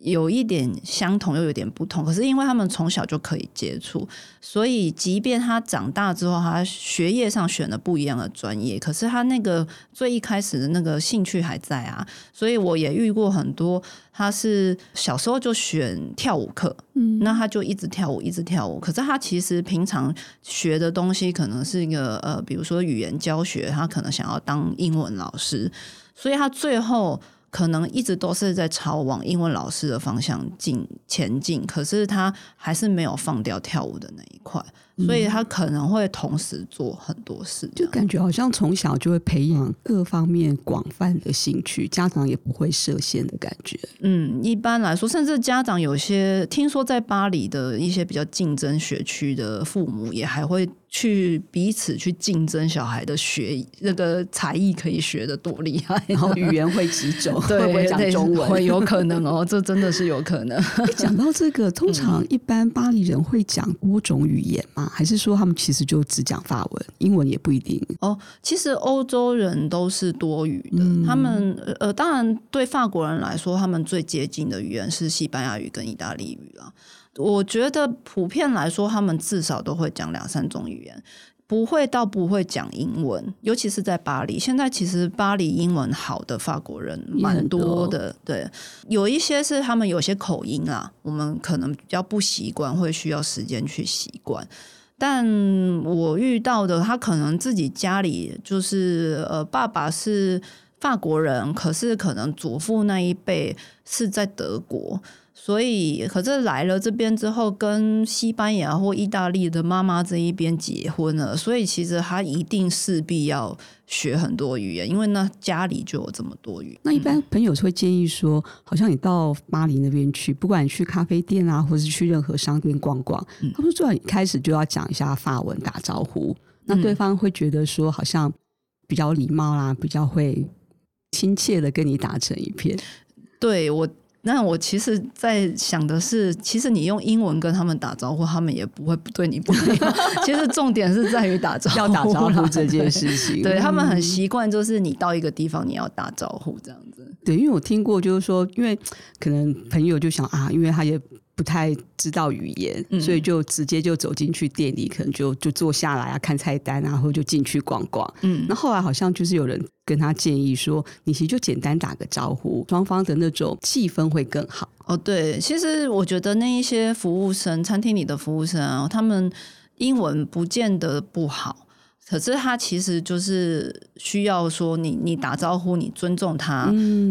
有一點相同，又有點不同。可是因為他們從小就可以接觸，所以即便他長大之後，他學業上選了不一樣的專業，可是他那個最一開始的那個興趣還在啊。所以我也遇過很多，他是小時候就選跳舞課，嗯，那他就一直跳舞，一直跳舞。可是他其實平常學的東西可能是一個呃，比如說語言教學，他可能想要當英文老師，所以他最後。可能一直都是在朝往英文老師的方向進前進，可是他還是沒有放掉跳舞的那一塊。嗯、所以他可能會同時做很多事，就感覺好像從小就會培養各方面廣泛的興趣，家長也不會設限的感覺。嗯，一般來說，甚至家長有些聽說在巴黎的一些比較競爭學區的父母，也還會去彼此去競爭小孩的學那個才藝可以學得多厲害，然後 [LAUGHS] 語言會幾種，對，會不會講中文？會有可能哦，這真的是有可能。你講 [LAUGHS] 到這個，通常一般巴黎人會講多種語言嗎？還是說他們其實就只講法文，英文也不一定哦。其實歐洲人都是多語的，嗯、他們呃，當然對法國人來說，他們最接近的語言是西班牙語跟意大利語啊。我覺得普遍來說，他們至少都會講兩三種語言，不會到不會講英文，尤其是在巴黎。現在其實巴黎英文好的法國人蠻多的，也很多，對，有一些是他們有些口音啊，我們可能比較不習慣，會需要時間去習慣。但我遇到的他，可能自己家裡就是呃，爸爸是法國人，可是可能祖父那一輩是在德國。所以，可是來了這邊之後，跟西班牙或意大利的媽媽這一邊結婚了，所以其實他一定勢必要學很多語言，因為呢家裡就有這麼多語。那一般朋友會建議說，好像你到巴黎那邊去，不管你去咖啡店啊，或是去任何商店逛逛，嗯、他們最好一開始就要講一下法文打招呼，那對方會覺得說好像比較禮貌啦，啊，比較會親切的跟你打成一片。對我。那我其實在想的是，其實你用英文跟他們打招呼，他們也不會對你不理。 [LAUGHS] 其實重點是在於打招呼，要打招呼這件事情。對，對、嗯、他們很習慣，就是你到一個地方，你要打招呼這樣子。對，因為我聽過，就是說，因為可能朋友就想啊，因為他也。不太知道語言，所以就直接就走進去店裡，嗯、可能就就坐下來啊，看菜單，啊，然後就進去逛逛。嗯，那後後來好像就是有人跟他建議說，你其實就簡單打個招呼，雙方的那種氣氛會更好。哦，對，其實我覺得那一些服務生，餐廳裡的服務生，他們英文不見得不好。可是他其實就是需要說你，你打招呼，你尊重他，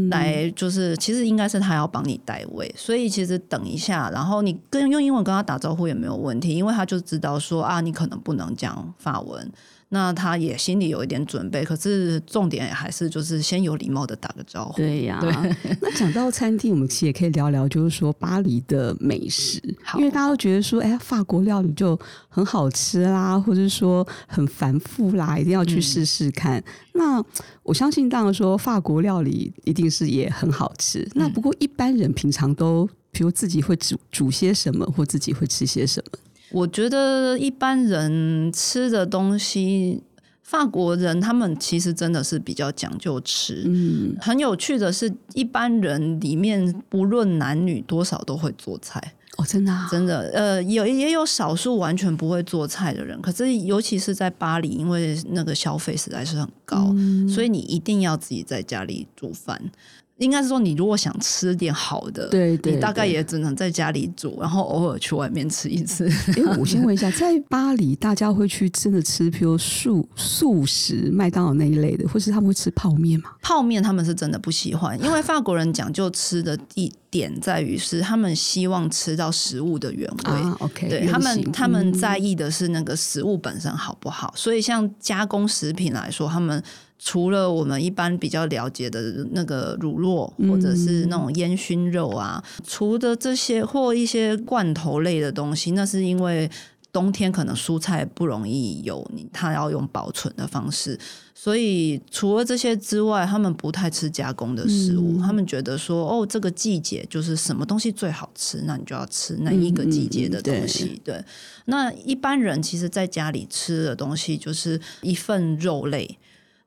來就是、嗯、其實應該是他要幫你帶位，所以其實等一下，然後你跟用英文跟他打招呼也沒有問題，因為他就知道說啊，你可能不能講法文。那他也心裡有一點準備，可是重點還是就是先有禮貌的打個招呼。對呀、啊，對 [LAUGHS] 那講到餐廳，我們其實也可以聊聊，就是說巴黎的美食，因為大家都覺得說，哎、欸，法國料理就很好吃啦，或者說很繁複啦，一定要去試試看、嗯。那我相信，當然說法國料理一定是也很好吃。嗯、那不過一般人平常都，比如自己會煮煮些什麼，或自己會吃些什麼？我覺得一般人吃的東西，法國人他們其實真的是比較講究吃。嗯，很有趣的是，一般人裡面不論男女多少都會做菜。哦，真的啊？真的？呃，也有少數完全不會做菜的人。可是，尤其是在巴黎，因為那個消費實在是很高，嗯，所以你一定要自己在家裡煮飯。應該是說，你如果想吃點好的，對對，對，你大概也只能在家裡煮，然後偶爾去外面吃一次對對對、 [LAUGHS] 欸。我先問一下，在巴黎，大家會去真的吃，比如素素食、麥當勞那一類的，或是他們會吃泡麵嗎？泡麵他們是真的不喜歡，因為法國人講究吃的一點在於是，他們希望吃到食物的原味。啊、okay, 對，他們、嗯、他們在意的是那個食物本身好不好。所以，像加工食品來說，他們。除了我們一般比較了解的那個乳酪，或者是那種煙燻肉啊、嗯，除了這些或一些罐頭類的東西，那是因為冬天可能蔬菜不容易有，你他要用保存的方式，所以除了這些之外，他們不太吃加工的食物、嗯。他們覺得說，哦，這個季節就是什麼東西最好吃，那你就要吃那一個季節的東西。嗯嗯、對，對，那一般人其實，在家裡吃的東西就是一份肉類。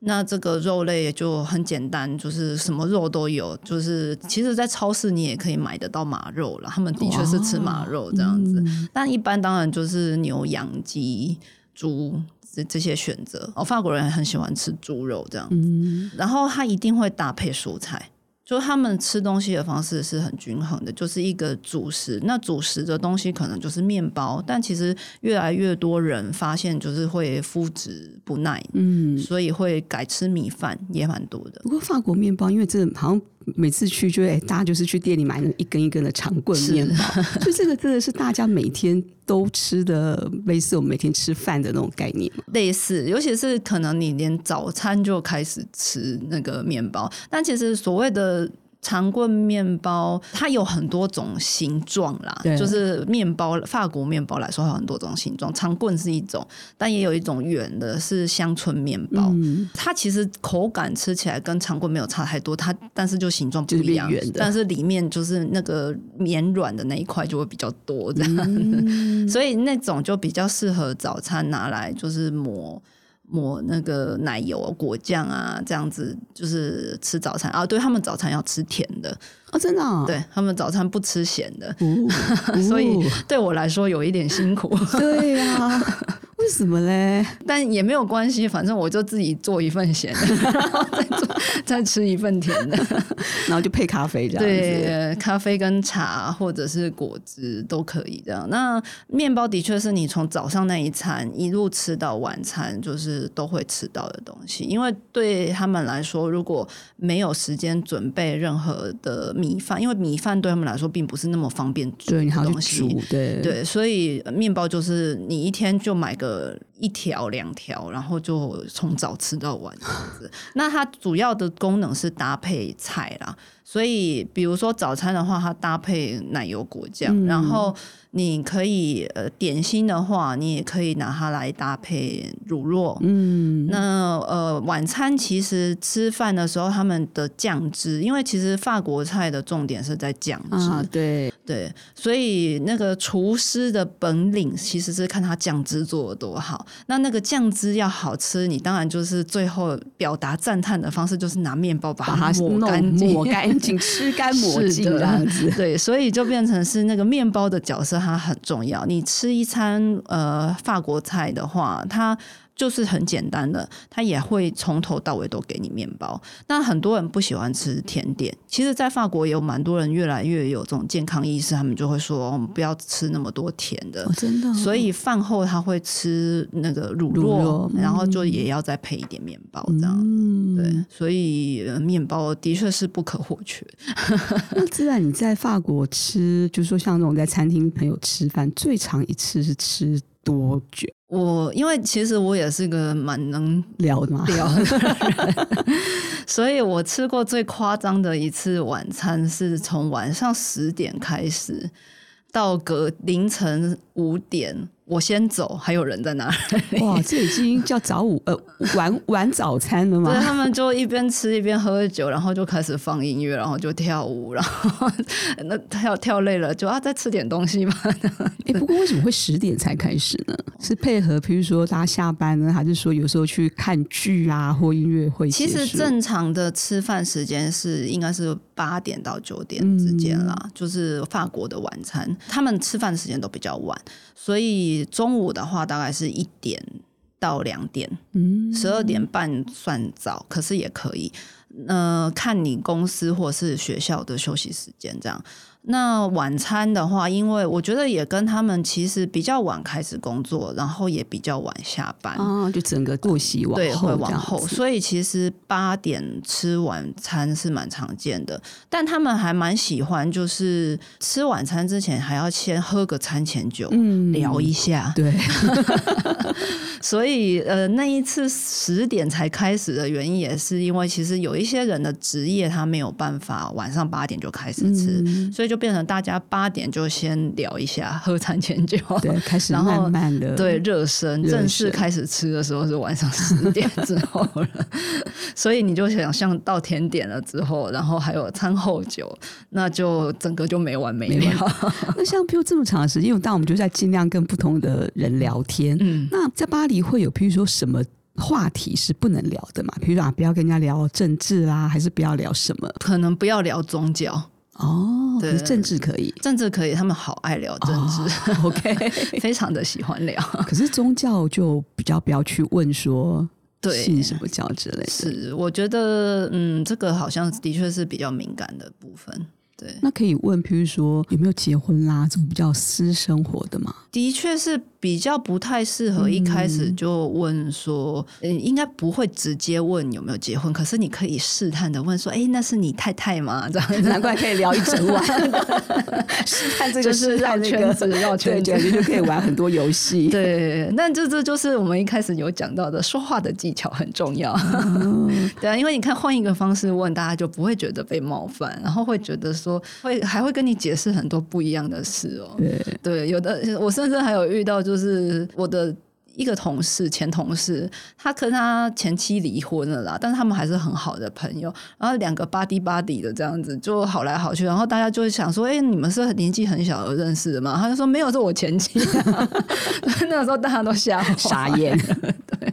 那這個肉類也就很簡單，就是什麼肉都有，就是其實，在超市你也可以買得到馬肉了。他們的確是吃馬肉這樣子，那、嗯、一般當然就是牛、羊、雞、豬這這些選擇。哦，法國人很喜歡吃豬肉這樣子，嗯、然後他一定會搭配蔬菜。就他們吃東西的方式是很均衡的，就是一個主食。那主食的東西可能就是麵包，但其實越來越多人發現就是會麩質不耐，嗯，所以會改吃米飯也蠻多的。不過法國麵包，因為這好像。每次去就會、欸，大家就是去店裡買那一根一根的長棍麵包， [LAUGHS] 所以這個真的是大家每天都吃的，類似我們每天吃飯的那種概念。類似，尤其是可能你連早餐就開始吃那個麵包，但其實所謂的。長棍麵包它有很多種形狀啦、啊，就是麵包，法國麵包來說它有很多種形狀，長棍是一種，但也有一種圓的，是鄉村麵包，嗯。它其實口感吃起來跟長棍沒有差太多，它但是就形狀不一樣的，但是裡面就是那個綿軟的那一塊就會比較多的，嗯、 [LAUGHS] 所以那種就比較適合早餐拿來就是抹。抹那個奶油、果醬啊，這樣子就是吃早餐啊。對他們早餐要吃甜的啊？真的啊？對他們早餐不吃鹹的，哦、 [LAUGHS] 所以對我來說有一點辛苦。哦、 [LAUGHS] 對呀、啊。這是什麼嘞？但也沒有關係，反正我就自己做一份鹹的，再做， [LAUGHS] 再吃一份甜的， [LAUGHS] 然後就配咖啡這樣。對，咖啡跟茶或者是果汁都可以這樣。那麵包的確是你從早上那一餐一路吃到晚餐，就是都會吃到的東西，因為對他們來說，如果沒有時間準備任何的米飯，因為米飯對他們來說並不是那麼方便煮的東西。對，對對，所以麵包就是你一天就買個。呃，一條兩條，然後就從早吃到晚這樣子。 [LAUGHS] 那它主要的功能是搭配菜啦。所以，比如說早餐的話，它搭配奶油果醬，嗯、然後你可以呃點心的話，你也可以拿它來搭配乳酪。嗯，那呃晚餐其實吃飯的時候，他們的醬汁，因為其實法國菜的重點是在醬汁。啊、對對，所以那個廚師的本領其實是看他醬汁做得多好。那那個醬汁要好吃，你當然就是最後表達讚嘆的方式就是拿麵包把它抹乾淨。 [LAUGHS] 請吃乾抹淨這樣子，對，所以就變成是那個麵包的角色，它很重要。你吃一餐呃，法國菜的話，它。就是很簡單的，他也會從頭到尾都給你面包，那很多人不喜歡吃甜點，其實，在法國也有蠻多人越來越有這種健康意識，他們就會說，我們不要吃那麼多甜的。哦，真的哦。所以飯後他會吃那個乳酪乳肉，然後就也要再配一點面包這樣。嗯，對，所以面包的確是不可或缺。 [LAUGHS] 那自然你在法國吃，就是說像這種在餐廳朋友吃飯，最長一次是吃多久？我因為其實我也是個蠻能聊的聊的人嘛 [LAUGHS] [LAUGHS] 所以我吃過最誇張的一次晚餐是從晚上十點開始到隔凌晨。五點，我先走，還有人在那？哇，這已經叫早午 [LAUGHS] 呃晚晚早餐了嗎？對，他們就一邊吃一邊喝酒，然後就開始放音樂，然後就跳舞，然後 [LAUGHS] 那跳跳累了就要、啊、再吃點東西嘛。哎、欸，不過為什麼會十點才開始呢？是配合，譬如說大家下班呢，還是說有時候去看劇啊或音樂會？其實正常的吃飯時間是應該是八點到九點之間啦、嗯，就是法國的晚餐，他們吃飯時間都比較晚。所以中午的話，大概是一點到兩點，嗯、十二點半算早，可是也可以，呃，看你公司或是學校的休息時間這樣。那晚餐的話，因為我覺得也跟他們其實比較晚開始工作，然後也比較晚下班，啊、就整個作息晚對，會往後，所以其實八點吃晚餐是蠻常見的。但他們還蠻喜歡，就是吃晚餐之前還要先喝個餐前酒，嗯、聊一下。對， [LAUGHS] [LAUGHS] 所以呃，那一次十點才開始的原因也是因為其實有一些人的職業他沒有辦法晚上八點就開始吃，嗯、所以就。就變成大家八點就先聊一下，喝餐前酒，對，開始慢慢的對熱身，熱身，正式開始吃的時候是晚上十點之後了。 [LAUGHS] 所以你就想像到甜點了之後，然後還有餐後酒， [LAUGHS] 那就整個就沒完沒了。沒 [LAUGHS] 那像譬如這麼長的時間，但我們就在儘量跟不同的人聊天。嗯，那在巴黎會有，譬如說什麼話題是不能聊的嘛？譬如說啊，不要跟人家聊政治啊，還是不要聊什麼？可能不要聊宗教。哦，可是政治可以，政治可以，他們好愛聊政治，OK，哦， [LAUGHS] 非常的喜歡聊。可是宗教就比較不要去問說信什麼教之類的。是，我覺得，嗯，這個好像的確是比較敏感的部分。對，那可以問，譬如說有沒有結婚啦，這種比較私生活的嘛。的確是比較不太適合一開始就問說，嗯，應該不會直接問有沒有結婚。可是你可以試探的問說，哎，那是你太太嗎？這樣，難怪可以聊一整晚。 [LAUGHS] 試探這個、就是繞、那個、圈、圈子，繞圈子你就可以玩很多遊戲。 [LAUGHS] 對，那這這就是我們一開始有講到的，說話的技巧很重要。嗯、 [LAUGHS] 對啊，因為你看換一個方式問，大家就不會覺得被冒犯，然後會覺得說。會還會跟你解釋很多不一樣的事哦。對，對有的我甚至還有遇到，就是我的一個同事、前同事，他跟他前妻離婚了啦，但是他們還是很好的朋友，然後兩個巴蒂巴蒂的這樣子就好來好去，然後大家就會想說：“哎、欸，你們是年紀很小認識的嗎？”他就說：“沒有，是我前妻、啊。 [LAUGHS] ” [LAUGHS] 那個時候大家都傻傻眼， [LAUGHS] 對，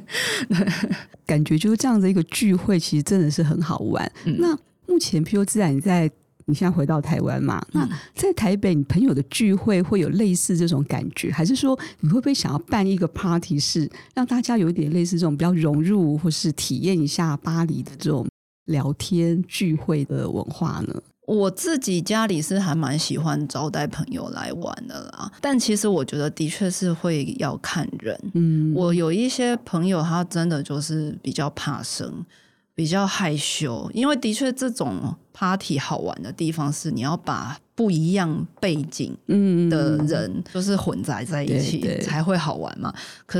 [LAUGHS] 感覺就是這樣子一個聚會，其實真的是很好玩。嗯、那目前譬如自然在。你現在回到台灣嘛？嗯。那在台北，你朋友的聚會會有類似這種感覺，還是說你會不會想要辦一個 party，是讓大家有一點類似這種比較融入，或是體驗一下巴黎的這種聊天聚會的文化呢？我自己家裡是還蠻喜歡招待朋友來玩的啦，但其實我覺得的確是會要看人。嗯，我有一些朋友，他真的就是比較怕生，比較害羞，因為的確這種 party 好玩的地方是你要把不一樣背景的人，嗯嗯，就是混雜在一起才會好玩嘛。對對對，可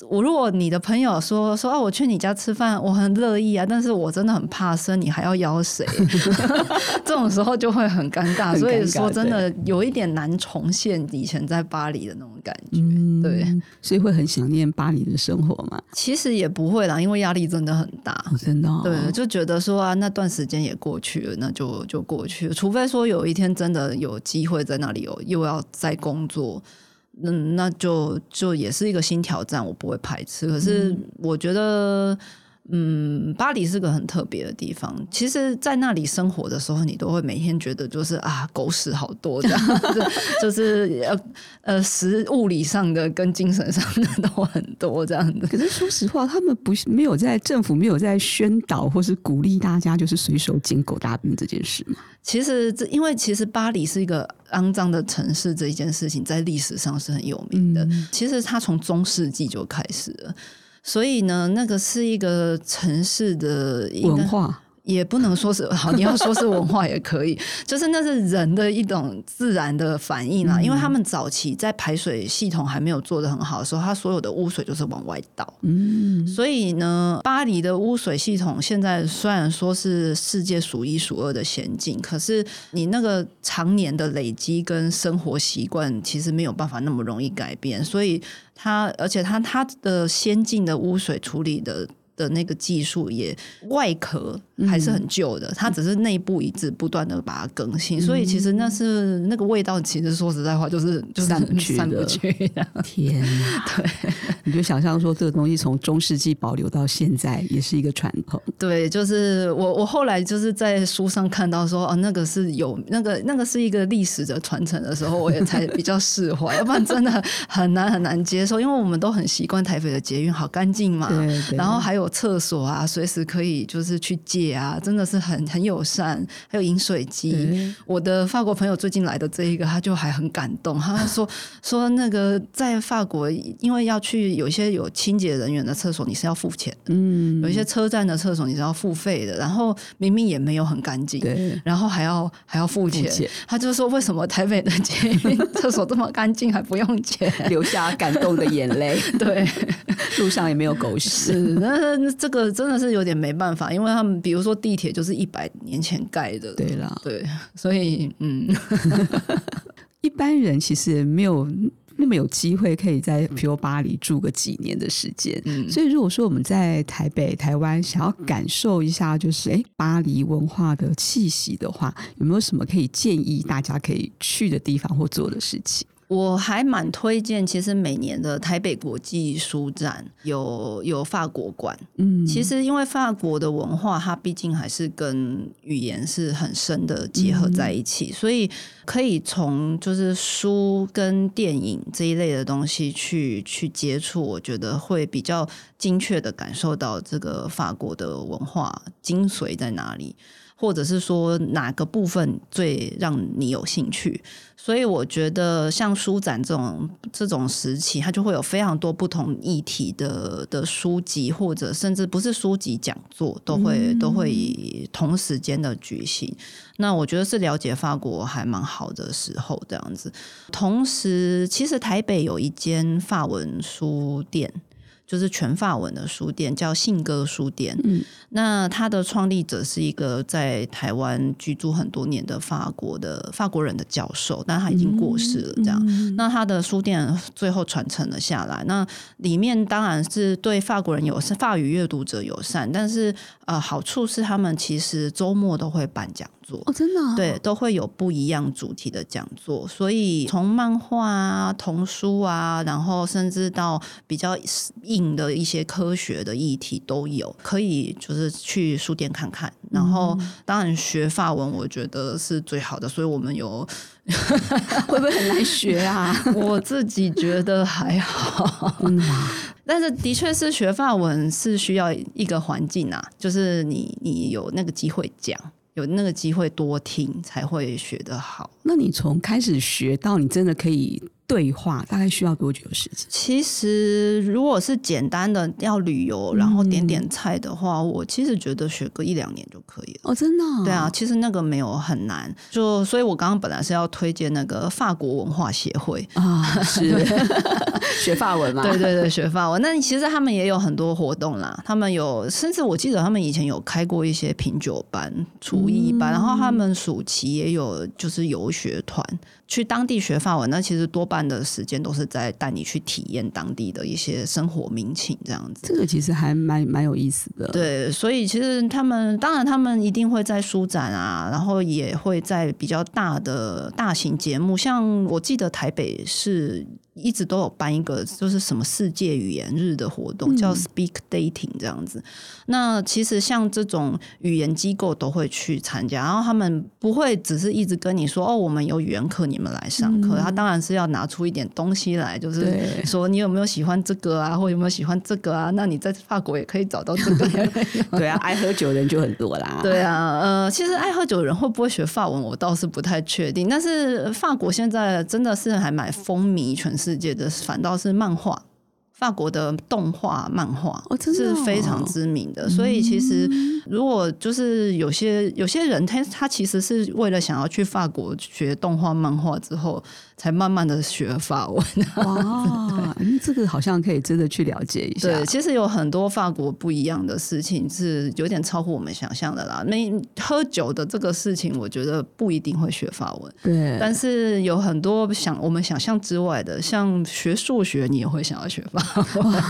是我如果你的朋友說說啊，我去你家吃飯，我很樂意啊，但是我真的很怕生，你還要邀誰？ [LAUGHS] [LAUGHS] [LAUGHS] 這種時候就會很尷尬。尷尬，所以說真的有一點難重現以前在巴黎的那種感覺，嗯、對，所以會很想念巴黎的生活嘛。其實也不會啦，因為壓力真的很大，哦、真的、哦、對，就覺得說啊，那段時間也過去了，那就就過去了。除非說有一天真。真的有機會在那裡哦，又要再工作，嗯，那就就也是一個新挑戰，我不會排斥。可是我覺得。嗯，巴黎是個很特別的地方。其實，在那裡生活的時候，你都會每天覺得就是啊，狗屎好多這樣子， [LAUGHS] 就是呃食物理上的跟精神上的都很多這樣的。可是，說實話，他們不是沒有在政府沒有在宣導或是鼓勵大家就是隨手撿狗大便這件事嗎？其實，因為其實巴黎是一個骯髒的城市，這一件事情在歷史上是很有名的。嗯、其實，它從中世紀就開始了。所以呢，那個是一個城市的文化。也不能說是好，你要說是文化也可以， [LAUGHS] 就是那是人的一種自然的反應啦、嗯。因為他們早期在排水系統還沒有做得很好的時候，它所有的污水，就是往外倒。嗯，所以呢，巴黎的污水系統現在雖然說是世界數一數二的先進，可是你那個常年的累積跟生活習慣，其實沒有辦法那麼容易改變。所以它，而且它它的先進的污水處理的的那個技術也外殼還是很舊的，它、嗯、只是內部一直不斷的把它更新，嗯、所以其實那是那個味道，其實說實在話就是、嗯、就是、散不去、散不去天哪！ [LAUGHS] 對，你就想象說這個東西從中世紀保留到現在，也是一個傳統。對，就是我我後來就是在書上看到說哦、啊，那個是有那個那個是一個歷史的傳承的時候，我也才比較釋懷， [LAUGHS] 要不然真的很難很難接受，因為我們都很習慣台北的捷運好乾淨嘛，對對，然後還有廁所啊，隨時可以就是去接。啊，真的是很很友善，還有飲水機。我的法國朋友最近來的這一個，他就還很感動。他說、啊、說那個在法國，因為要去有一些有清潔人員的廁所，你是要付錢的。嗯，有一些車站的廁所你是要付費的。然後明明也沒有很乾淨，對，然後還要還要付錢、付錢。他就說為什麼台北的捷運廁所這麼乾淨還不用錢，流下感動的眼淚。 [LAUGHS] 對，路上也沒有狗屎。那這個真的是有點沒辦法，因為他們比。比如說地鐵就是一百年前蓋的，對啦，對，所以嗯， [LAUGHS] [LAUGHS] 一般人其實沒有那麼有機會可以在比如巴黎住個幾年的時間，嗯。所以如果說我們在台北、台灣想要感受一下，就是哎，欸，巴黎文化的氣息的話，有沒有什麼可以建議大家可以去的地方或做的事情？嗯我還蠻推薦，其實每年的台北國際書展有有法國館。嗯，其實因為法國的文化，它畢竟還是跟語言是很深的結合在一起，嗯，所以可以從就是書跟電影這一類的東西去去接觸，我覺得會比較精確的感受到這個法國的文化精髓在哪裡。或者是說哪個部分最讓你有興趣？所以我覺得像書展這種這種時期，它就會有非常多不同議題的的書籍，或者甚至不是書籍講座，都會都會同時間的舉行。嗯。那我覺得是了解法國還蠻好的時候這樣子。同時，其實台北有一間法文書店。就是全法文的書店，叫信鴿書店。嗯。那他的創立者是一個在台灣居住很多年的法國的法國人的教授，但他已經過世了。這樣嗯嗯，那他的書店最後傳承了下來。那裡面當然是對法國人友善，是法語閱讀者友善，但是，呃，好處是他們其實周末都會辦講座哦，真的哦，對，都會有不一樣主題的講座，所以從漫畫啊，童書啊，然後甚至到比較硬的一些科學的議題都有，可以就是去書店看看。然後當然學法文，我覺得是最好的，所以我們有。 [LAUGHS] 會不會很難學啊 [LAUGHS] ？我自己覺得還好， [LAUGHS] 嗯啊、但是的確是學法文是需要一個環境啊，就是你你有那個機會講，有那個機會多聽，才會學得好 [LAUGHS] 。那你從開始學到你真的可以。對話大概需要多久時間？其實，如果是簡單的要旅遊，然後點點菜的話，嗯，我其實覺得學個一兩年就可以了。哦，真的、哦？對啊，其實那個沒有很難。就所以，我剛剛本來是要推薦那個法國文化協會啊，哦，是 [LAUGHS] 學法文嘛。對對對，學法文。那其實他們也有很多活動啦，他們有，甚至我記得他們以前有開過一些品酒班，廚藝班，嗯、然後他們暑期也有就是遊學團。去當地學法文，那其實多半的時間都是在帶你去體驗當地的一些生活民情這樣子。這個其實還蠻蠻有意思的。對，所以其實他們當然他們一定會在書展啊，然後也會在比較大的大型節目，像我記得台北是，一直都有辦一個就是什麼世界語言日的活動，叫 Speak Dating 這樣子。嗯、那其實像這種語言機構都會去參加，然後他們不會只是一直跟你說哦，我們有語言課，你們來上課，嗯。他當然是要拿出一點東西來，就是說你有沒有喜歡這個啊，或者有沒有喜歡這個啊？那你在法國也可以找到這個，啊。 [LAUGHS] [LAUGHS] 對啊，愛喝酒的人就很多啦。對啊，呃，其實愛喝酒的人會不會學法文，我倒是不太確定。但是法國現在真的是還蠻風靡，全世界。世界的反倒是漫畫，法國的動畫、漫畫是非常知名的。哦，真的哦、所以，其實如果就是有些、嗯、有些人他，他他其實是為了想要去法國學動畫、漫畫之後。才慢慢的學法文，哇，那、 [LAUGHS] 嗯、這個好像可以真的去了解一下。對，其實有很多法國不一樣的事情是有點超乎我們想象的啦。那喝酒的這個事情，我覺得不一定會學法文。對，但是有很多想我們想象之外的，像學數學，你也會想要學法文。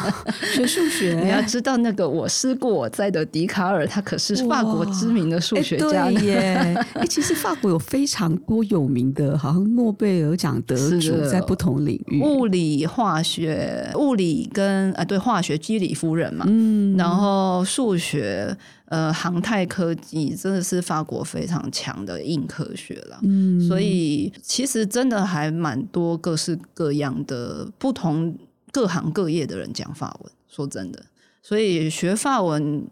[LAUGHS] 學數學，你要知道那個我思故我在的笛卡爾，他可是法國知名的數學家、欸、耶。哎、 [LAUGHS] 欸，其實法國有非常多有名的，好像諾貝爾獎。得主在不同領域，物理、化學、物理跟呃、哎、對化學，居里夫人嘛，嗯、然後數學，呃，航太科技真的是法國非常強的硬科學了、嗯，所以其實真的還蠻多各式各樣的不同各行各業的人講法文，說真的，所以學法文。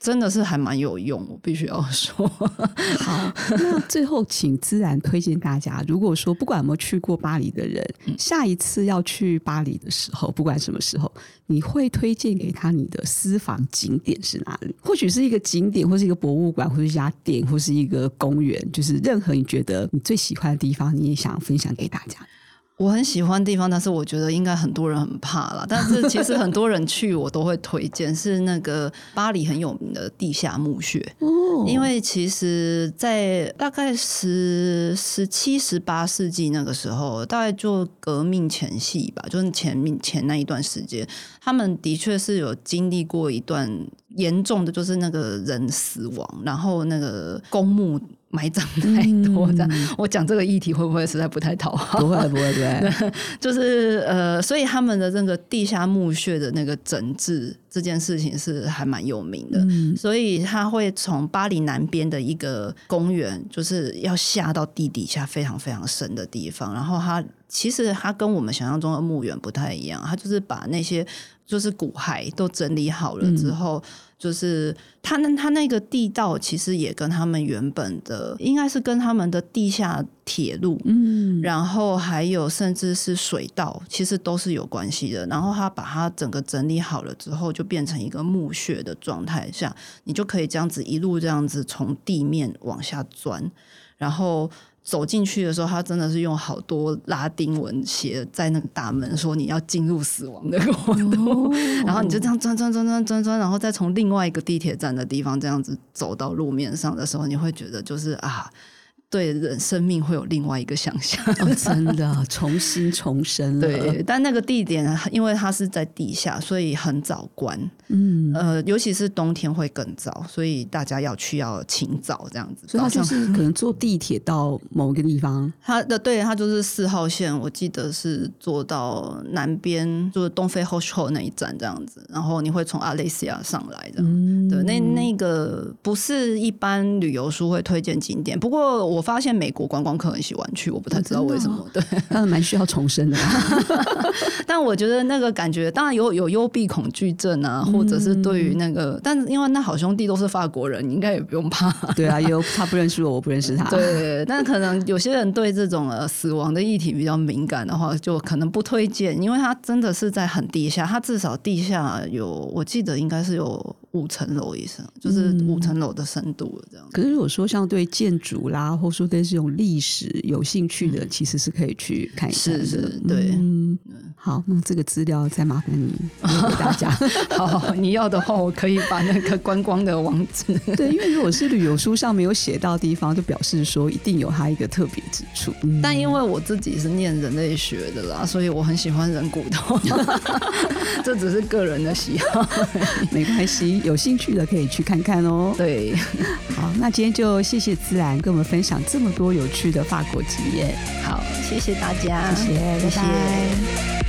真的是還蠻有用的，我必須要說。 [LAUGHS] 好，那最後請姿蘭推薦大家，如果說，不管有沒有去過巴黎的人、嗯，下一次要去巴黎的時候，不管什麼時候，你會推薦給他你的私房景點是哪裡？或許是一個景點，或是一個博物館，或是一家店，或是一個公園，就是任何你覺得你最喜歡的地方，你也想分享給大家。我很喜歡的地方，但是我覺得應該很多人很怕了。但是其實很多人去，我都會推薦 [LAUGHS] 是那個巴黎很有名的地下墓穴，Oh. 因為其實，在大概十十七、十八世紀那個時候，大概就革命前夕吧，就是前面前那一段時間，他們的確是有經歷過一段嚴重的，就是那個人死亡，然後那個公墓。埋葬太多這樣、嗯，我講這個議題會不會實在不太討好？不會不會不會， [LAUGHS] 就是呃，所以他們的這個地下墓穴的那個整治這件事情是還蠻有名的，所以他會從巴黎南邊的一個公園，就是要下到地底下非常非常深的地方，然後他其實他跟我們想象中的墓園不太一樣，他就是把那些。就是骨骸都整理好了之後，嗯、就是他那他那個地道其實也跟他們原本的，應該是跟他們的地下鐵路，嗯，然後還有甚至是水道，其實都是有關係的。然後他把它整個整理好了之後，就變成一個墓穴的狀態下，你就可以這樣子一路這樣子從地面往下鑽，然後。走進去的時候，他真的是用好多拉丁文寫在那個大門，說你要進入死亡的國度。Oh. 然後你就這樣鑽鑽鑽鑽鑽鑽，然後再從另外一個地鐵站的地方這樣子走到路面上的時候，你會覺得就是啊。對人生命會有另外一個想象，哦、真的重新重生了 [LAUGHS] 對，但那個地點，因為它是在地下，所以很早關。嗯，呃，尤其是冬天會更早，所以大家要去要清早這樣子。所以它就是可能坐地鐵到某個地方，嗯、它的對，它就是四號線，我記得是坐到南邊，就是東非後那一站這樣子。然後你會從阿雷西亞上來，的、嗯。對。那那個不是一般旅遊書會推薦景點，不過我。我發現美國觀光客很喜歡去，我不太知道為什麼。啊哦、對，但是蠻需要重生的、啊。 [LAUGHS] 但我覺得那個感覺，當然有有幽閉恐懼症啊，或者是對於那個，嗯、但是因為那好兄弟都是法國人，你應該也不用怕。對啊，有他不認識我，我不認識他。對、對、對，但可能有些人對這種死亡的議題比較敏感的話，就可能不推薦，因為他真的是在很地下，他至少地下有，我記得應該是有。五層樓以上，就是五層樓的深度這樣、嗯。可是如果說像對建築啦，或說對這種歷史有興趣的、嗯，其實是可以去看一看。是是，嗯、對。嗯，好，那這個資料再麻煩你我給大家。 [LAUGHS] 好，你要的話，我可以把那個觀光的網址。 [LAUGHS] 對，因為如果是旅遊書上沒有寫到地方，就表示說一定有它一個特別之處、嗯。但因為我自己是念人類學的啦，所以我很喜歡人骨頭。 [LAUGHS] 這只是個人的喜好， [LAUGHS] 沒關係。有興趣的可以去看看哦。對，好，那今天就謝謝姿蘭跟我們分享這麼多有趣的法國經驗。好，謝謝大家，謝謝，okay, 拜拜。拜拜。